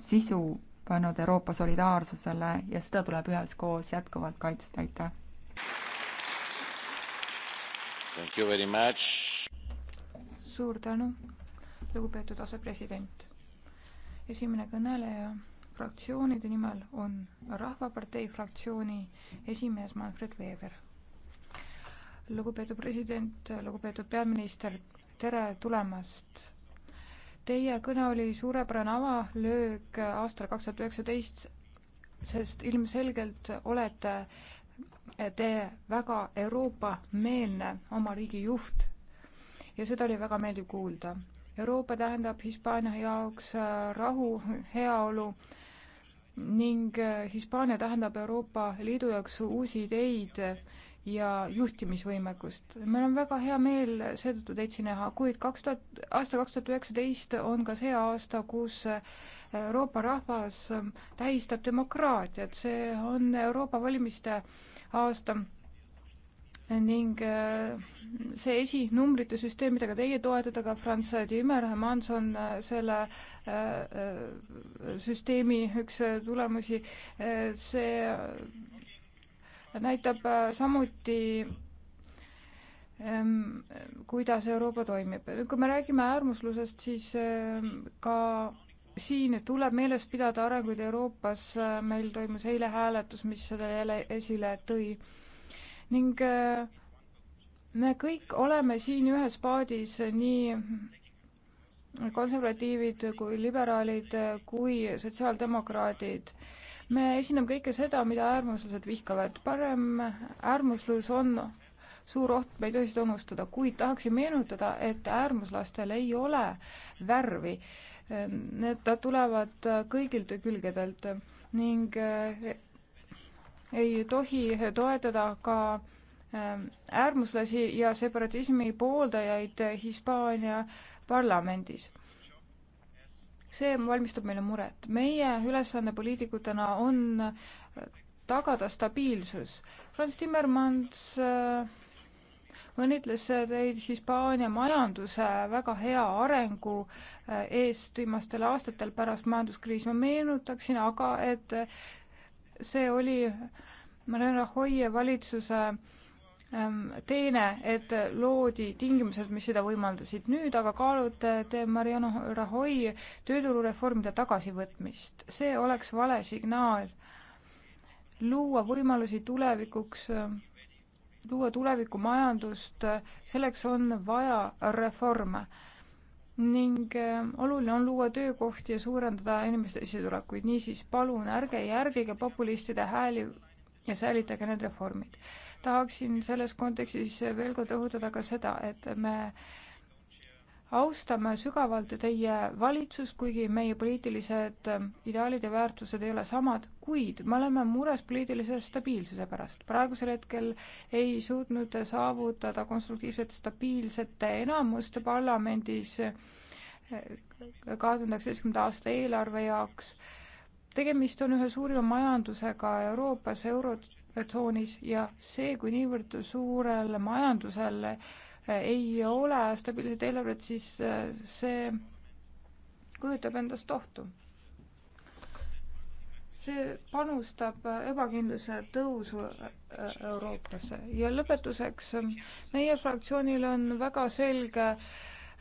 Speaker 3: sisu pannud Euroopa solidaarsusele ja seda tuleb üheskoos jätkuvalt kaitsta, aitäh! suur tänu,
Speaker 2: lugupeetud asepresident. esimene kõneleja fraktsioonide nimel on Rahvapartei fraktsiooni esimees Manfred Weber. lugupeetud president, lugupeetud peaminister, tere tulemast Teie kõne oli suurepärane avalöök aastal kaks tuhat üheksateist, sest ilmselgelt olete te väga Euroopa-meelne oma riigi juht ja seda oli väga meeldiv kuulda. Euroopa tähendab Hispaania jaoks äh, rahu, heaolu ning äh, Hispaania tähendab Euroopa Liidu jaoks uusi ideid ja juhtimisvõimekust. meil on väga hea meel seetõttu teid siin näha, kuid kaks tuhat, aasta kaks tuhat üheksateist on ka see aasta, kus Euroopa rahvas tähistab demokraatiat, see on Euroopa valimiste aasta ning äh, see esinumbrite süsteem, mida ka teie toetate, ka Franz Timmermans on äh, selle äh, süsteemi üks tulemusi, see näitab äh, samuti ähm, kuidas Euroopa toimib. kui me räägime äärmuslusest, siis ähm, ka siin tuleb meeles pidada arenguid Euroopas, meil toimus eile hääletus, mis seda jälle esile tõi. ning äh, me kõik oleme siin ühes paadis, nii konservatiivid kui liberaalid äh, kui sotsiaaldemokraadid me esineme kõike seda, mida äärmuslased vihkavad. parem äärmuslus on suur oht, me ei tohi seda unustada, kuid tahaksin meenutada, et äärmuslastel ei ole värvi. Need tulevad kõigilt külgedelt ning eh, ei tohi toetada ka eh, äärmuslasi ja separatismi pooldajaid Hispaania parlamendis see valmistab meile muret. meie ülesanne poliitikutena on äh, tagada stabiilsus. Franz Timmermans äh, õnnitles teid Hispaania majanduse väga hea arengu äh, eest viimastel aastatel pärast majanduskriisi. ma meenutaksin aga, et see oli Marianne Rajoy valitsuse Ehm, teine, et loodi tingimused, mis seda võimaldasid. nüüd aga kaalute te Mariano Rahoi tööturureformide tagasivõtmist. see oleks vale signaal luua võimalusi tulevikuks, luua tulevikumajandust, selleks on vaja reforme. ning ehm, oluline on luua töökohti ja suurendada inimeste sissetulekuid, niisiis palun ärge järgige populistide hääli ja säilitage need reformid tahaksin selles kontekstis veel kord rõhutada ka seda, et me austame sügavalt teie valitsust, kuigi meie poliitilised ideaalid ja väärtused ei ole samad, kuid me oleme mures poliitilise stabiilsuse pärast. praegusel hetkel ei suutnud saavutada konstruktiivset stabiilset enamust parlamendis kahe tuhande üheksateistkümnenda aasta eelarve jaoks tegemist on ühe suurima majandusega Euroopas, eurot tsoonis ja see, kui niivõrd suurel majandusel äh, ei ole stabiilset eelarvet, siis äh, see kujutab endast ohtu. see panustab äh, ebakindluse tõusu Euroopasse ja lõpetuseks meie fraktsioonil on väga selge äh,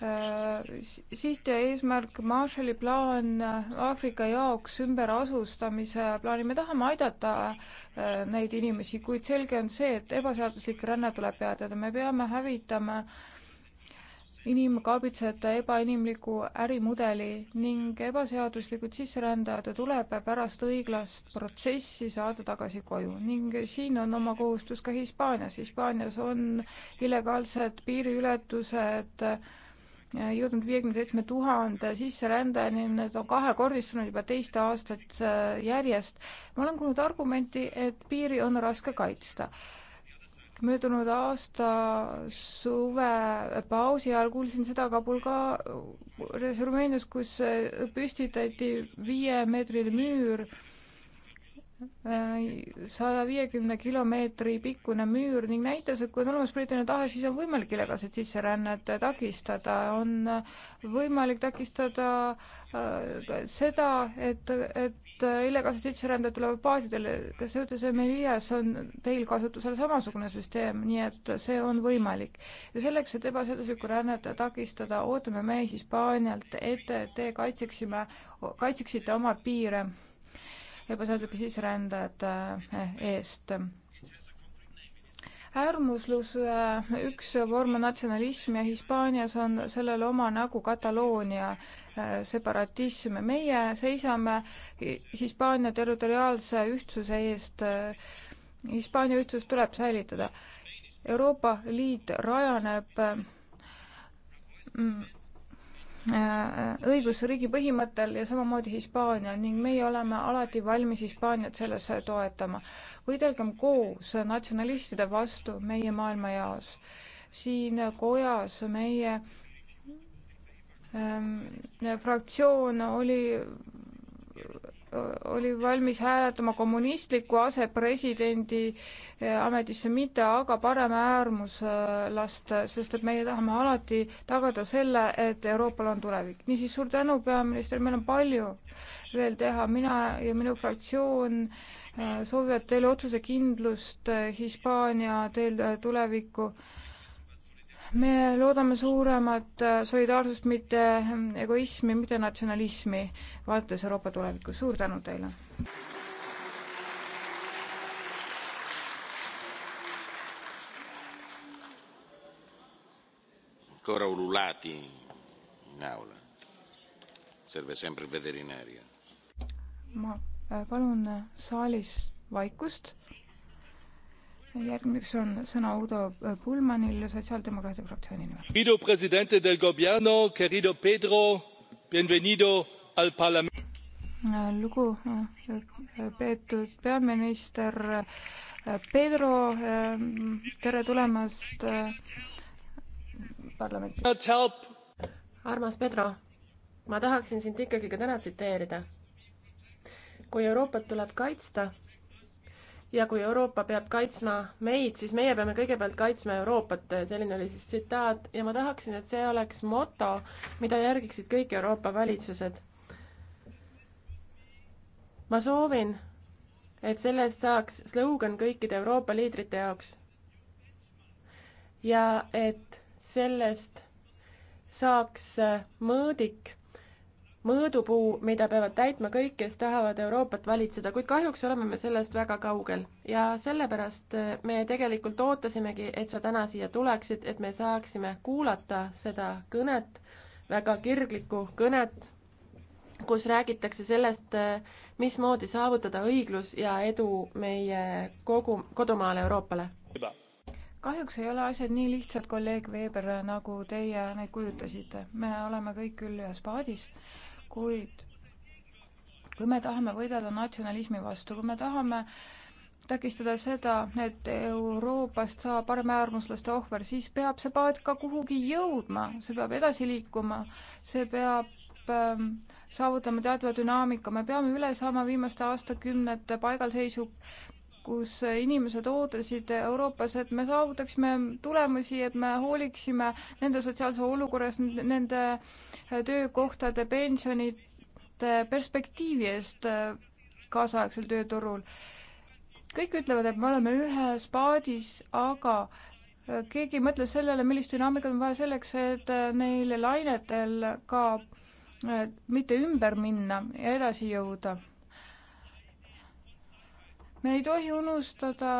Speaker 2: Äh, siht ja eesmärk, Marshalli plaan äh, Aafrika jaoks ümberasustamise plaani, me tahame aidata äh, neid inimesi, kuid selge on see, et ebaseaduslik ränne tuleb peatada, me peame hävitama inimkaubitsejate ebainimliku ärimudeli ning ebaseaduslikud sisserändajad tuleb pärast õiglast protsessi saada tagasi koju ning siin on oma kohustus ka Hispaanias. Hispaanias on illegaalsed piiriületused äh, jõudnud viiekümne seitsme tuhande sisserändajani, need on kahekordistunud juba teist aastat äh, järjest. ma olen kuulnud argumenti, et piiri on raske kaitsta. möödunud aasta suvepausi ajal kuulsin seda ka Bulgaarias ja Rumeenias, kus äh, püstitati viiemeetrine müür Äh, saja viiekümne kilomeetri pikkune müür ning näitas, et kui on olemas poliitiline tahe, siis on võimalik illegaalset sisserännet takistada, on võimalik takistada äh, seda, et, et illegaalsed sisserändajad tulevad paatidele. kas te ütlete, et Melias on teil kasutusel samasugune süsteem, nii et see on võimalik? ja selleks, et ebaseaduslikku rännet takistada, ootame me Hispaanialt, et te kaitseksime, kaitseksite oma piire ebaseaduslike sisserändajate eh, eest. äärmusluse eh, üks vorm on natsionalism ja Hispaanias on sellele oma nägu Kataloonia eh, separatism. meie seisame Hispaania territoriaalse ühtsuse eest. Hispaania ühtsus tuleb säilitada. Euroopa Liit rajaneb mm, Äh, äh, õigusriigi põhimõttel ja samamoodi Hispaania ning meie oleme alati valmis Hispaaniat selles toetama. võidelgem koos natsionalistide vastu meie maailmajaos. siin kojas meie ähm, fraktsioon oli oli valmis hääletama kommunistliku asepresidendi eh, ametisse, mitte aga paremäärmuslast, sest et meie tahame alati tagada selle, et Euroopal on tulevik. niisiis suur tänu, peaminister, meil on palju veel teha, mina ja minu fraktsioon eh, soovivad teile otsusekindlust eh, Hispaania teel tulevikku me loodame suuremat äh, solidaarsust, mitte ähm, egoismi, mitte natsionalismi, vaadates Euroopa tulevikku. suur tänu teile! ancora ululati in aula. Serve sempre il veterinario. ma äh, palun äh, saalis vaikust järgmiseks on sõna Udo Pulmanil Sotsiaaldemokraatide fraktsiooni nimel. Querido presidente del gobierno, querido Pedro, bienvenido al parlament. lugu peetud peaminister Pedro, tere tulemast parlamenti. armas Pedro,
Speaker 4: ma tahaksin sind ikkagi ka täna tsiteerida. kui Euroopat tuleb kaitsta ja kui Euroopa peab kaitsma meid, siis meie peame kõigepealt kaitsma Euroopat, selline oli siis tsitaat ja ma tahaksin, et see oleks moto, mida järgiksid kõik Euroopa valitsused. ma soovin, et sellest saaks slõugan kõikide Euroopa liidrite jaoks. ja et sellest saaks mõõdik mõõdupuu, mida peavad täitma kõik, kes tahavad Euroopat valitseda, kuid kahjuks oleme me sellest väga kaugel. ja sellepärast me tegelikult ootasimegi, et sa täna siia tuleksid, et me saaksime kuulata seda kõnet, väga kirglikku kõnet, kus räägitakse sellest, mismoodi saavutada õiglus
Speaker 2: ja edu meie kogu, kodumaale Euroopale kahjuks ei ole asjad nii lihtsad, kolleeg Veber, nagu teie neid kujutasite. me oleme kõik küll ühes paadis, kuid kui me tahame võidelda natsionalismi vastu, kui me tahame takistada seda, et Euroopast saab paremäärmuslaste ohver, siis peab see paat ka kuhugi jõudma, see peab edasi liikuma, see peab ähm, saavutama teadva dünaamika, me peame üle saama viimaste aastakümnete paigalseisu, kus inimesed ootasid Euroopas, et me saavutaksime tulemusi, et me hooliksime nende sotsiaalse olukorrast, nende äh, töökohtade, pensionite perspektiivi eest äh, kaasaegsel tööturul. kõik ütlevad, et me oleme ühes paadis, aga äh, keegi ei mõtle sellele, millist dünaamikat on vaja selleks, et äh, neil lainetel ka mitte ümber minna ja edasi jõuda me ei tohi unustada,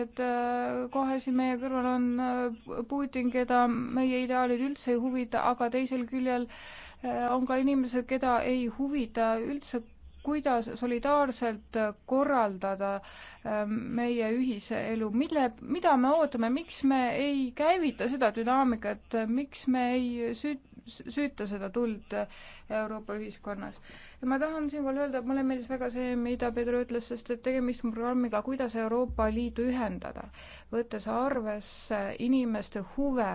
Speaker 2: et äh, kohe siin meie kõrval on äh, Putin, keda meie ideaalid üldse ei huvita, aga teisel küljel äh, on ka inimesed, keda ei huvita üldse, kuidas solidaarselt korraldada meie ühise elu, mille, mida me ootame, miks me ei käivita seda dünaamikat, miks me ei süt-, süüta seda tuld Euroopa ühiskonnas. ja ma tahan siinkohal öelda, et mulle meeldis väga see, mida Pedro ütles, sest et tegemist on programmiga, kuidas Euroopa Liitu ühendada, võttes arvesse inimeste huve,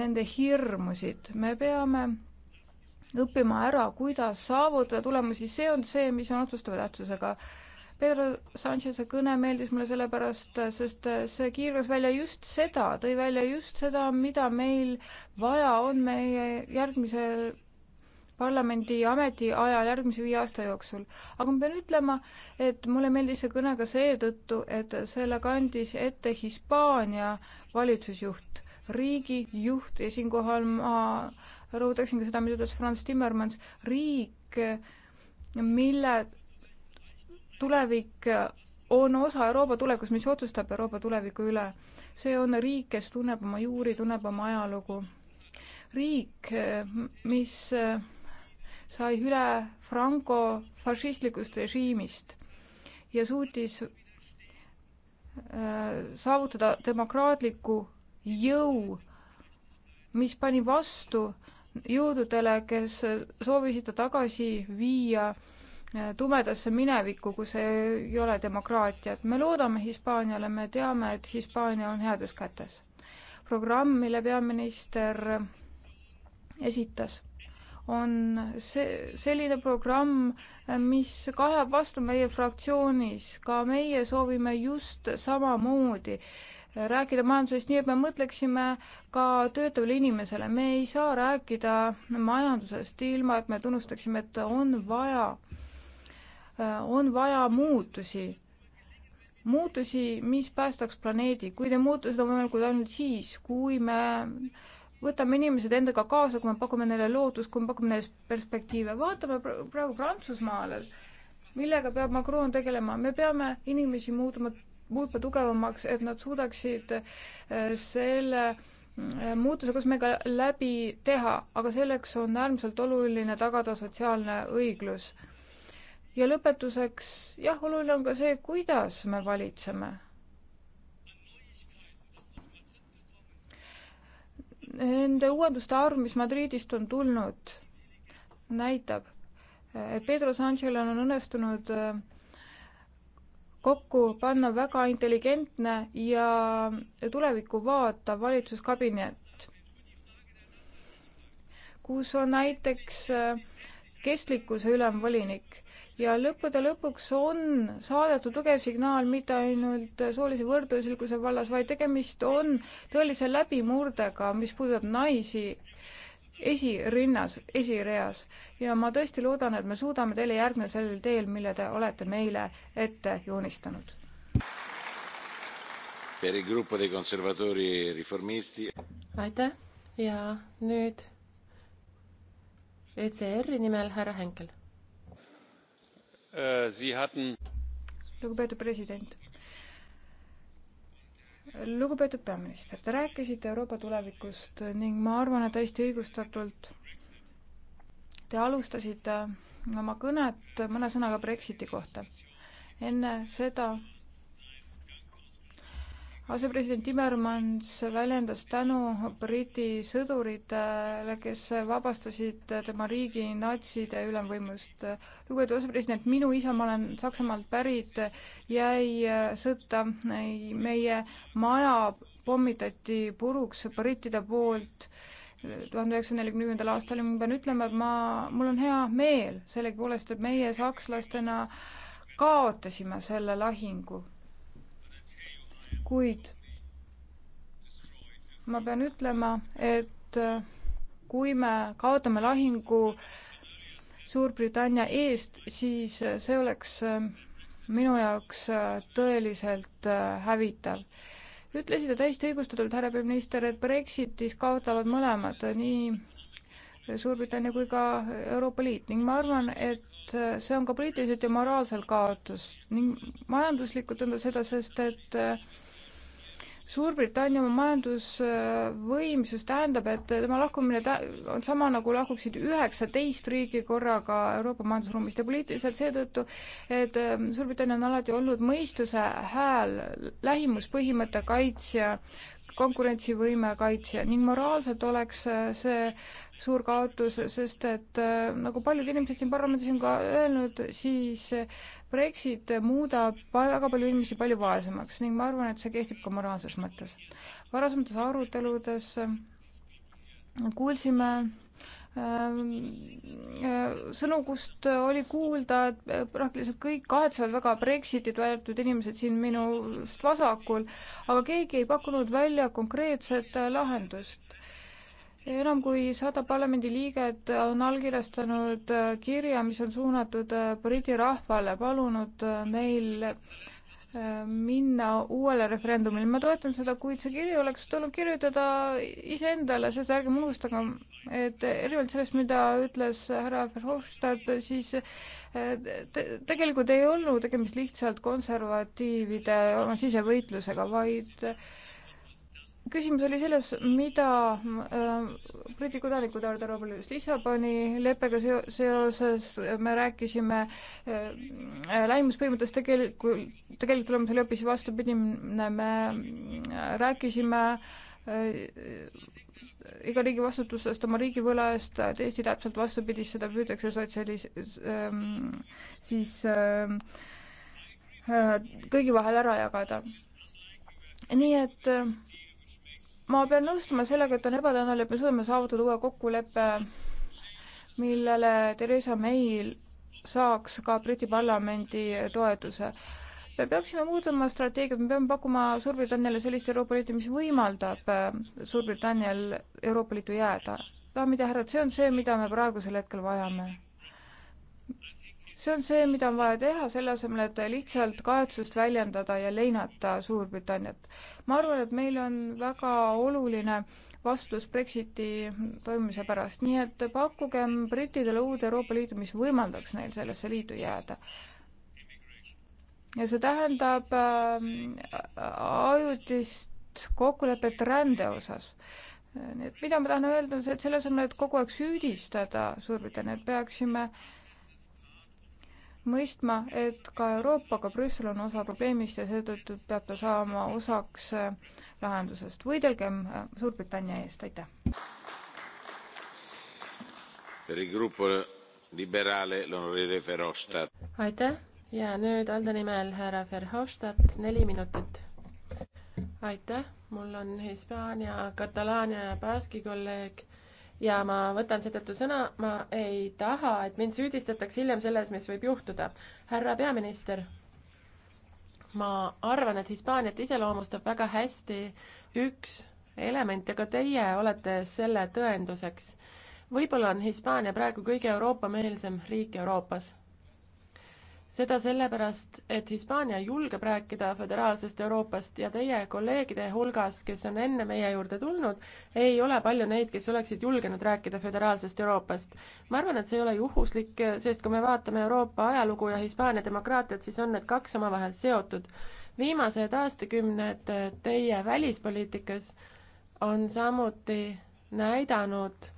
Speaker 2: nende hirmusid, me peame õppima ära, kuidas saavutada tulemusi, see on see, mis on otsustava tähtsusega Pedro Sanchez'e kõne meeldis mulle sellepärast, sest see kiirgas välja just seda, tõi välja just seda, mida meil vaja on meie järgmisel parlamendi ametiajal järgmise viie aasta jooksul. aga ma pean ütlema, et mulle meeldis see kõne ka seetõttu, et selle kandis ette Hispaania valitsusjuht, riigijuht ja siinkohal ma rõhutaksin ka seda, mida ütles Franz Timmermans, riik, mille tulevik on osa Euroopa tulevikust, mis otsustab Euroopa tuleviku üle. see on riik, kes tunneb oma juuri, tunneb oma ajalugu. riik, mis sai üle Franco fašistlikust režiimist ja suutis äh, saavutada demokraatliku jõu, mis pani vastu jõududele, kes soovisid ta tagasi viia äh, Äh, tumedasse minevikku, kus ei ole demokraatiat. me loodame Hispaaniale, me teame, et Hispaania on heades kätes. programm, mille peaminister esitas, on see, selline programm, mis kajab vastu meie fraktsioonis, ka meie soovime just samamoodi rääkida majandusest nii, et me mõtleksime ka töötavale inimesele. me ei saa rääkida majandusest ilma, et me tunnustaksime, et on vaja äh, Äh, on vaja muutusi. muutusi, mis päästaks planeedi, kuid need muutused on võimalikud ainult siis, kui me võtame inimesed endaga kaasa, kui me pakume neile lootust, kui me pakume neile perspektiive. vaatame praegu Prantsusmaale, millega peab Macron tegelema, me peame inimesi muutma, muutma tugevamaks, et nad suudaksid äh, selle äh, muutuse kosmega läbi teha, aga selleks on äärmiselt oluline tagada sotsiaalne õiglus ja lõpetuseks, jah, oluline on ka see, kuidas me valitseme. Nende uuenduste arv, mis Madridist on tulnud, näitab, et Pedro Sanchel on õnnestunud äh, kokku panna väga intelligentne ja tulevikku vaatav valitsuskabinet, kus on näiteks äh, kestlikkuse ülemvolinik ja lõppude lõpuks on saadetud tugev signaal mitte ainult soolise võrdõiguslikkuse vallas, vaid tegemist on tõelise läbimurdega, mis puudutab naisi esirinnas, esireas ja ma tõesti loodan, et me suudame teile järgneda sellel teel, mille te olete meile ette joonistanud. E
Speaker 4: aitäh ja nüüd ECR-i
Speaker 2: nimel härra Henkel Äh, lugupeetud president. lugupeetud peaminister, te rääkisite Euroopa tulevikust ning ma arvan, et täiesti õigustatult te alustasite oma kõnet mõne sõnaga Brexiti kohta. enne seda asepresident Timmermans väljendas tänu Briti sõduritele, kes vabastasid tema riigi natside ülemvõimust. lugupeetud asepresident, minu isa, ma olen Saksamaalt pärit, jäi sõtta, meie maja pommitati puruks brittide poolt tuhande üheksasaja neljakümnendal aastal ja ma pean ütlema, et ma, mul on hea meel sellegipoolest, et meie sakslastena kaotasime selle lahingu kuid ma pean ütlema, et kui me kaotame lahingu Suurbritannia eest, siis see oleks minu jaoks tõeliselt hävitav. ütlesite täiesti õigustatult, härra peaminister, et Brexitis kaotavad mõlemad, nii Suurbritannia kui ka Euroopa Liit ning ma arvan, et see on ka poliitiliselt ja moraalselt kaotus ning majanduslikult on ta seda, sest et äh, Suurbritannia majandusvõimsus tähendab, et tema lahkumine tä-, on sama, nagu lahkuksid üheksateist riigi korraga Euroopa majandusruumist ja poliitiliselt seetõttu, et ähm, Suurbritannia on alati olnud mõistuse hääl, lähimuspõhimõtte kaitsja, konkurentsivõime kaitse ning moraalselt oleks äh, see suur kaotus, sest et äh, nagu paljud inimesed siin parlamendis on ka öelnud, siis äh, Brexit muudab väga palju inimesi palju vaesemaks ning ma arvan, et see kehtib ka moraalses mõttes. varasemates aruteludes kuulsime Ehm, ehm, sõnu, kust oli kuulda, et eh, praktiliselt kõik kahetsevad väga Brexitit, välja arvatud inimesed siin minust vasakul, aga keegi ei pakkunud välja konkreetset eh, lahendust. enam kui sada parlamendiliiget on allkirjastanud eh, kirja, mis on suunatud Briti rahvale, palunud neil minna uuele referendumile, ma toetan seda, kuid see kiri oleks tulnud kirjutada iseendale, sest ärgem unustagem, et erinevalt sellest, mida ütles härra Verhofstadt, siis te tegelikult ei olnud tegemist lihtsalt konservatiivide oma sisevõitlusega, vaid äh, küsimus oli selles, mida äh, Briti kodanikud arvavad Euroopa Liidust. Lissaboni leppega seoses me rääkisime äh, lähimuspõhimõttest, tegelikult, tegelikult oleme selle hoopis vastupidine, me rääkisime äh, iga riigi vastutusest oma riigivõla eest, tihti täpselt vastupidi, seda püütakse sotsialis- ähm, äh,, siis äh, kõigi vahel ära jagada. nii et äh, ma pean nõustuma sellega, et on ebatõenäoline, et me suudame saavutada uue kokkuleppe, millele Theresa May saaks ka Briti parlamendi toetuse. me peaksime muutma strateegiat, me peame pakkuma Suurbritanniale sellist Euroopa Liitu, mis võimaldab äh, Suurbritannial Euroopa Liitu jääda. daamid ja härrad, see on see, mida me praegusel hetkel vajame see on see, mida on vaja teha, selle asemel, et lihtsalt kahetsust väljendada ja leinata Suurbritanniat. ma arvan, et meil on väga oluline vastutus Brexiti toimumise pärast, nii et pakkugem brittidele uut Euroopa Liitu, mis võimaldaks neil sellesse liitu jääda ja see tähendab äh, ajutist kokkulepet rände osas. nii et mida ma tahan öelda, on see, et selles on, et kogu aeg süüdistada Suurbritanniat, peaksime äh, mõistma, et ka Euroopa, ka Brüssel on osa probleemist ja seetõttu peab ta saama osaks äh, lahendusest. võidelgem äh, Suurbritannia eest, aitäh!
Speaker 4: aitäh ja nüüd Alde nimel härra Verhofstadt, neli minutit. aitäh, mul on Hispaania, Kataloonia ja Baski kolleeg ja ma võtan seetõttu sõna, ma ei taha, et mind süüdistatakse hiljem selles, mis võib juhtuda. härra peaminister, ma arvan, et Hispaaniat iseloomustab väga hästi üks element ja ka teie olete selle tõenduseks. võib-olla on Hispaania praegu kõige Euroopa-meelsem riik Euroopas seda sellepärast, et Hispaania julgeb rääkida föderaalsest Euroopast ja teie kolleegide hulgas, kes on enne meie juurde tulnud, ei ole palju neid, kes oleksid julgenud rääkida föderaalsest Euroopast. ma arvan, et see ei ole juhuslik, sest kui me vaatame Euroopa ajalugu ja Hispaania demokraatiat, siis on need kaks omavahel seotud. viimased aastakümned teie välispoliitikas on samuti näidanud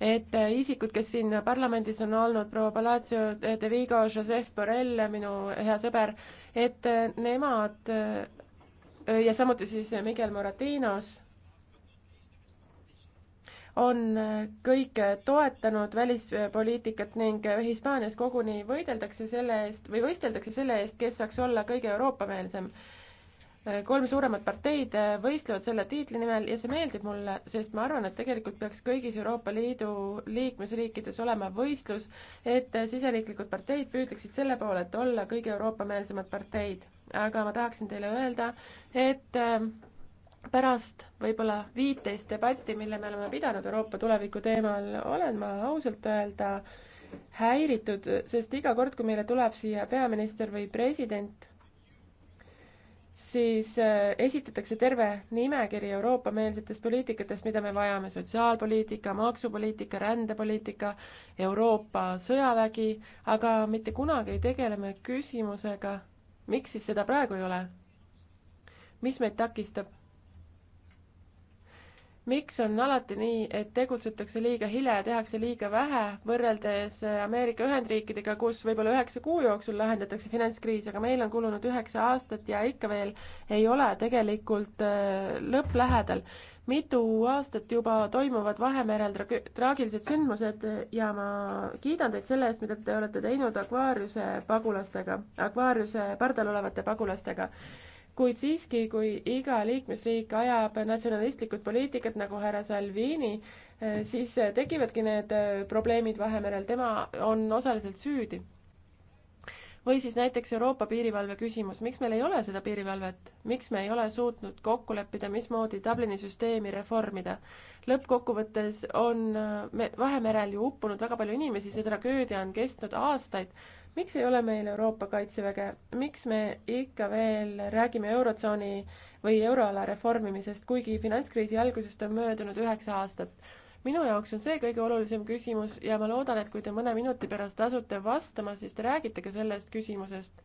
Speaker 4: et isikud, kes siin parlamendis on olnud, proua Palacio de Vigo, Joseph Borrell, minu hea sõber, et nemad ja samuti siis Miguel Moratinos on kõik toetanud välispoliitikat ning Hispaanias koguni võideldakse selle eest või võisteldakse selle eest, kes saaks olla kõige Euroopa-meelsem kolm suuremat parteid äh, võistlevad selle tiitli nimel ja see meeldib mulle, sest ma arvan, et tegelikult peaks kõigis Euroopa Liidu liikmesriikides olema võistlus, et äh, siseriiklikud parteid püüdleksid selle poole, et olla kõige Euroopa-meelsemad parteid. aga ma tahaksin teile öelda, et äh, pärast võib-olla viiteist debatti, mille me oleme pidanud Euroopa tuleviku teemal, olen ma ausalt öelda häiritud, sest iga kord, kui meile tuleb siia peaminister või president, siis äh, esitatakse terve nimekiri Euroopa-meelsetest poliitikatest, mida me vajame, sotsiaalpoliitika, maksupoliitika, rändepoliitika, Euroopa sõjavägi, aga mitte kunagi ei tegele me küsimusega, miks siis seda praegu ei ole? mis meid takistab? miks on alati nii, et tegutsetakse liiga hilja ja tehakse liiga vähe võrreldes äh, Ameerika Ühendriikidega, kus võib-olla üheksa kuu jooksul lahendatakse finantskriis, aga meil on kulunud üheksa aastat ja ikka veel ei ole tegelikult äh, lõpp lähedal. mitu aastat juba toimuvad Vahemerel tra traagilised sündmused äh, ja ma kiidan teid selle eest, mida te olete teinud Akvaariuse pagulastega, Akvaariuse pardal olevate pagulastega kuid siiski, kui iga liikmesriik ajab natsionalistlikud poliitikat nagu härra Salvini, eh, siis eh, tekivadki need eh, probleemid Vahemerel, tema on osaliselt süüdi. või siis näiteks Euroopa piirivalve küsimus, miks meil ei ole seda piirivalvet, miks me ei ole suutnud kokku leppida, mismoodi Dublini süsteemi reformida? lõppkokkuvõttes on me Vahemerel ju uppunud väga palju inimesi, see tragöödia on kestnud aastaid miks ei ole meil Euroopa kaitseväge, miks me ikka veel räägime Eurotsooni või euroala reformimisest, kuigi finantskriisi algusest on möödunud üheksa aastat? minu jaoks on see kõige olulisem küsimus ja ma loodan, et kui te mõne minuti pärast asute vastama, siis te räägite ka sellest küsimusest.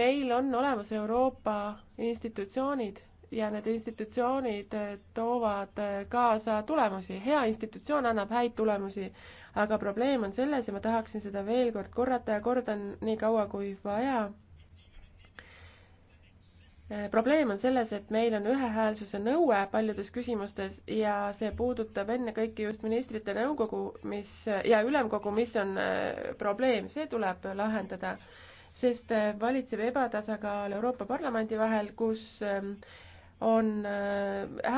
Speaker 4: meil on olemas Euroopa institutsioonid, ja need institutsioonid äh, toovad äh, kaasa tulemusi, hea institutsioon annab häid tulemusi, aga probleem on selles ja ma tahaksin seda veel kord korrata ja kordan nii kaua kui vaja. Äh, probleem on selles, et meil on ühehäälsuse nõue paljudes küsimustes ja see puudutab ennekõike just ministrite nõukogu, mis ja ülemkogu, mis on probleem, see tuleb lahendada sest valitseb ebatasakaal Euroopa Parlamendi vahel, kus ähm, on äh,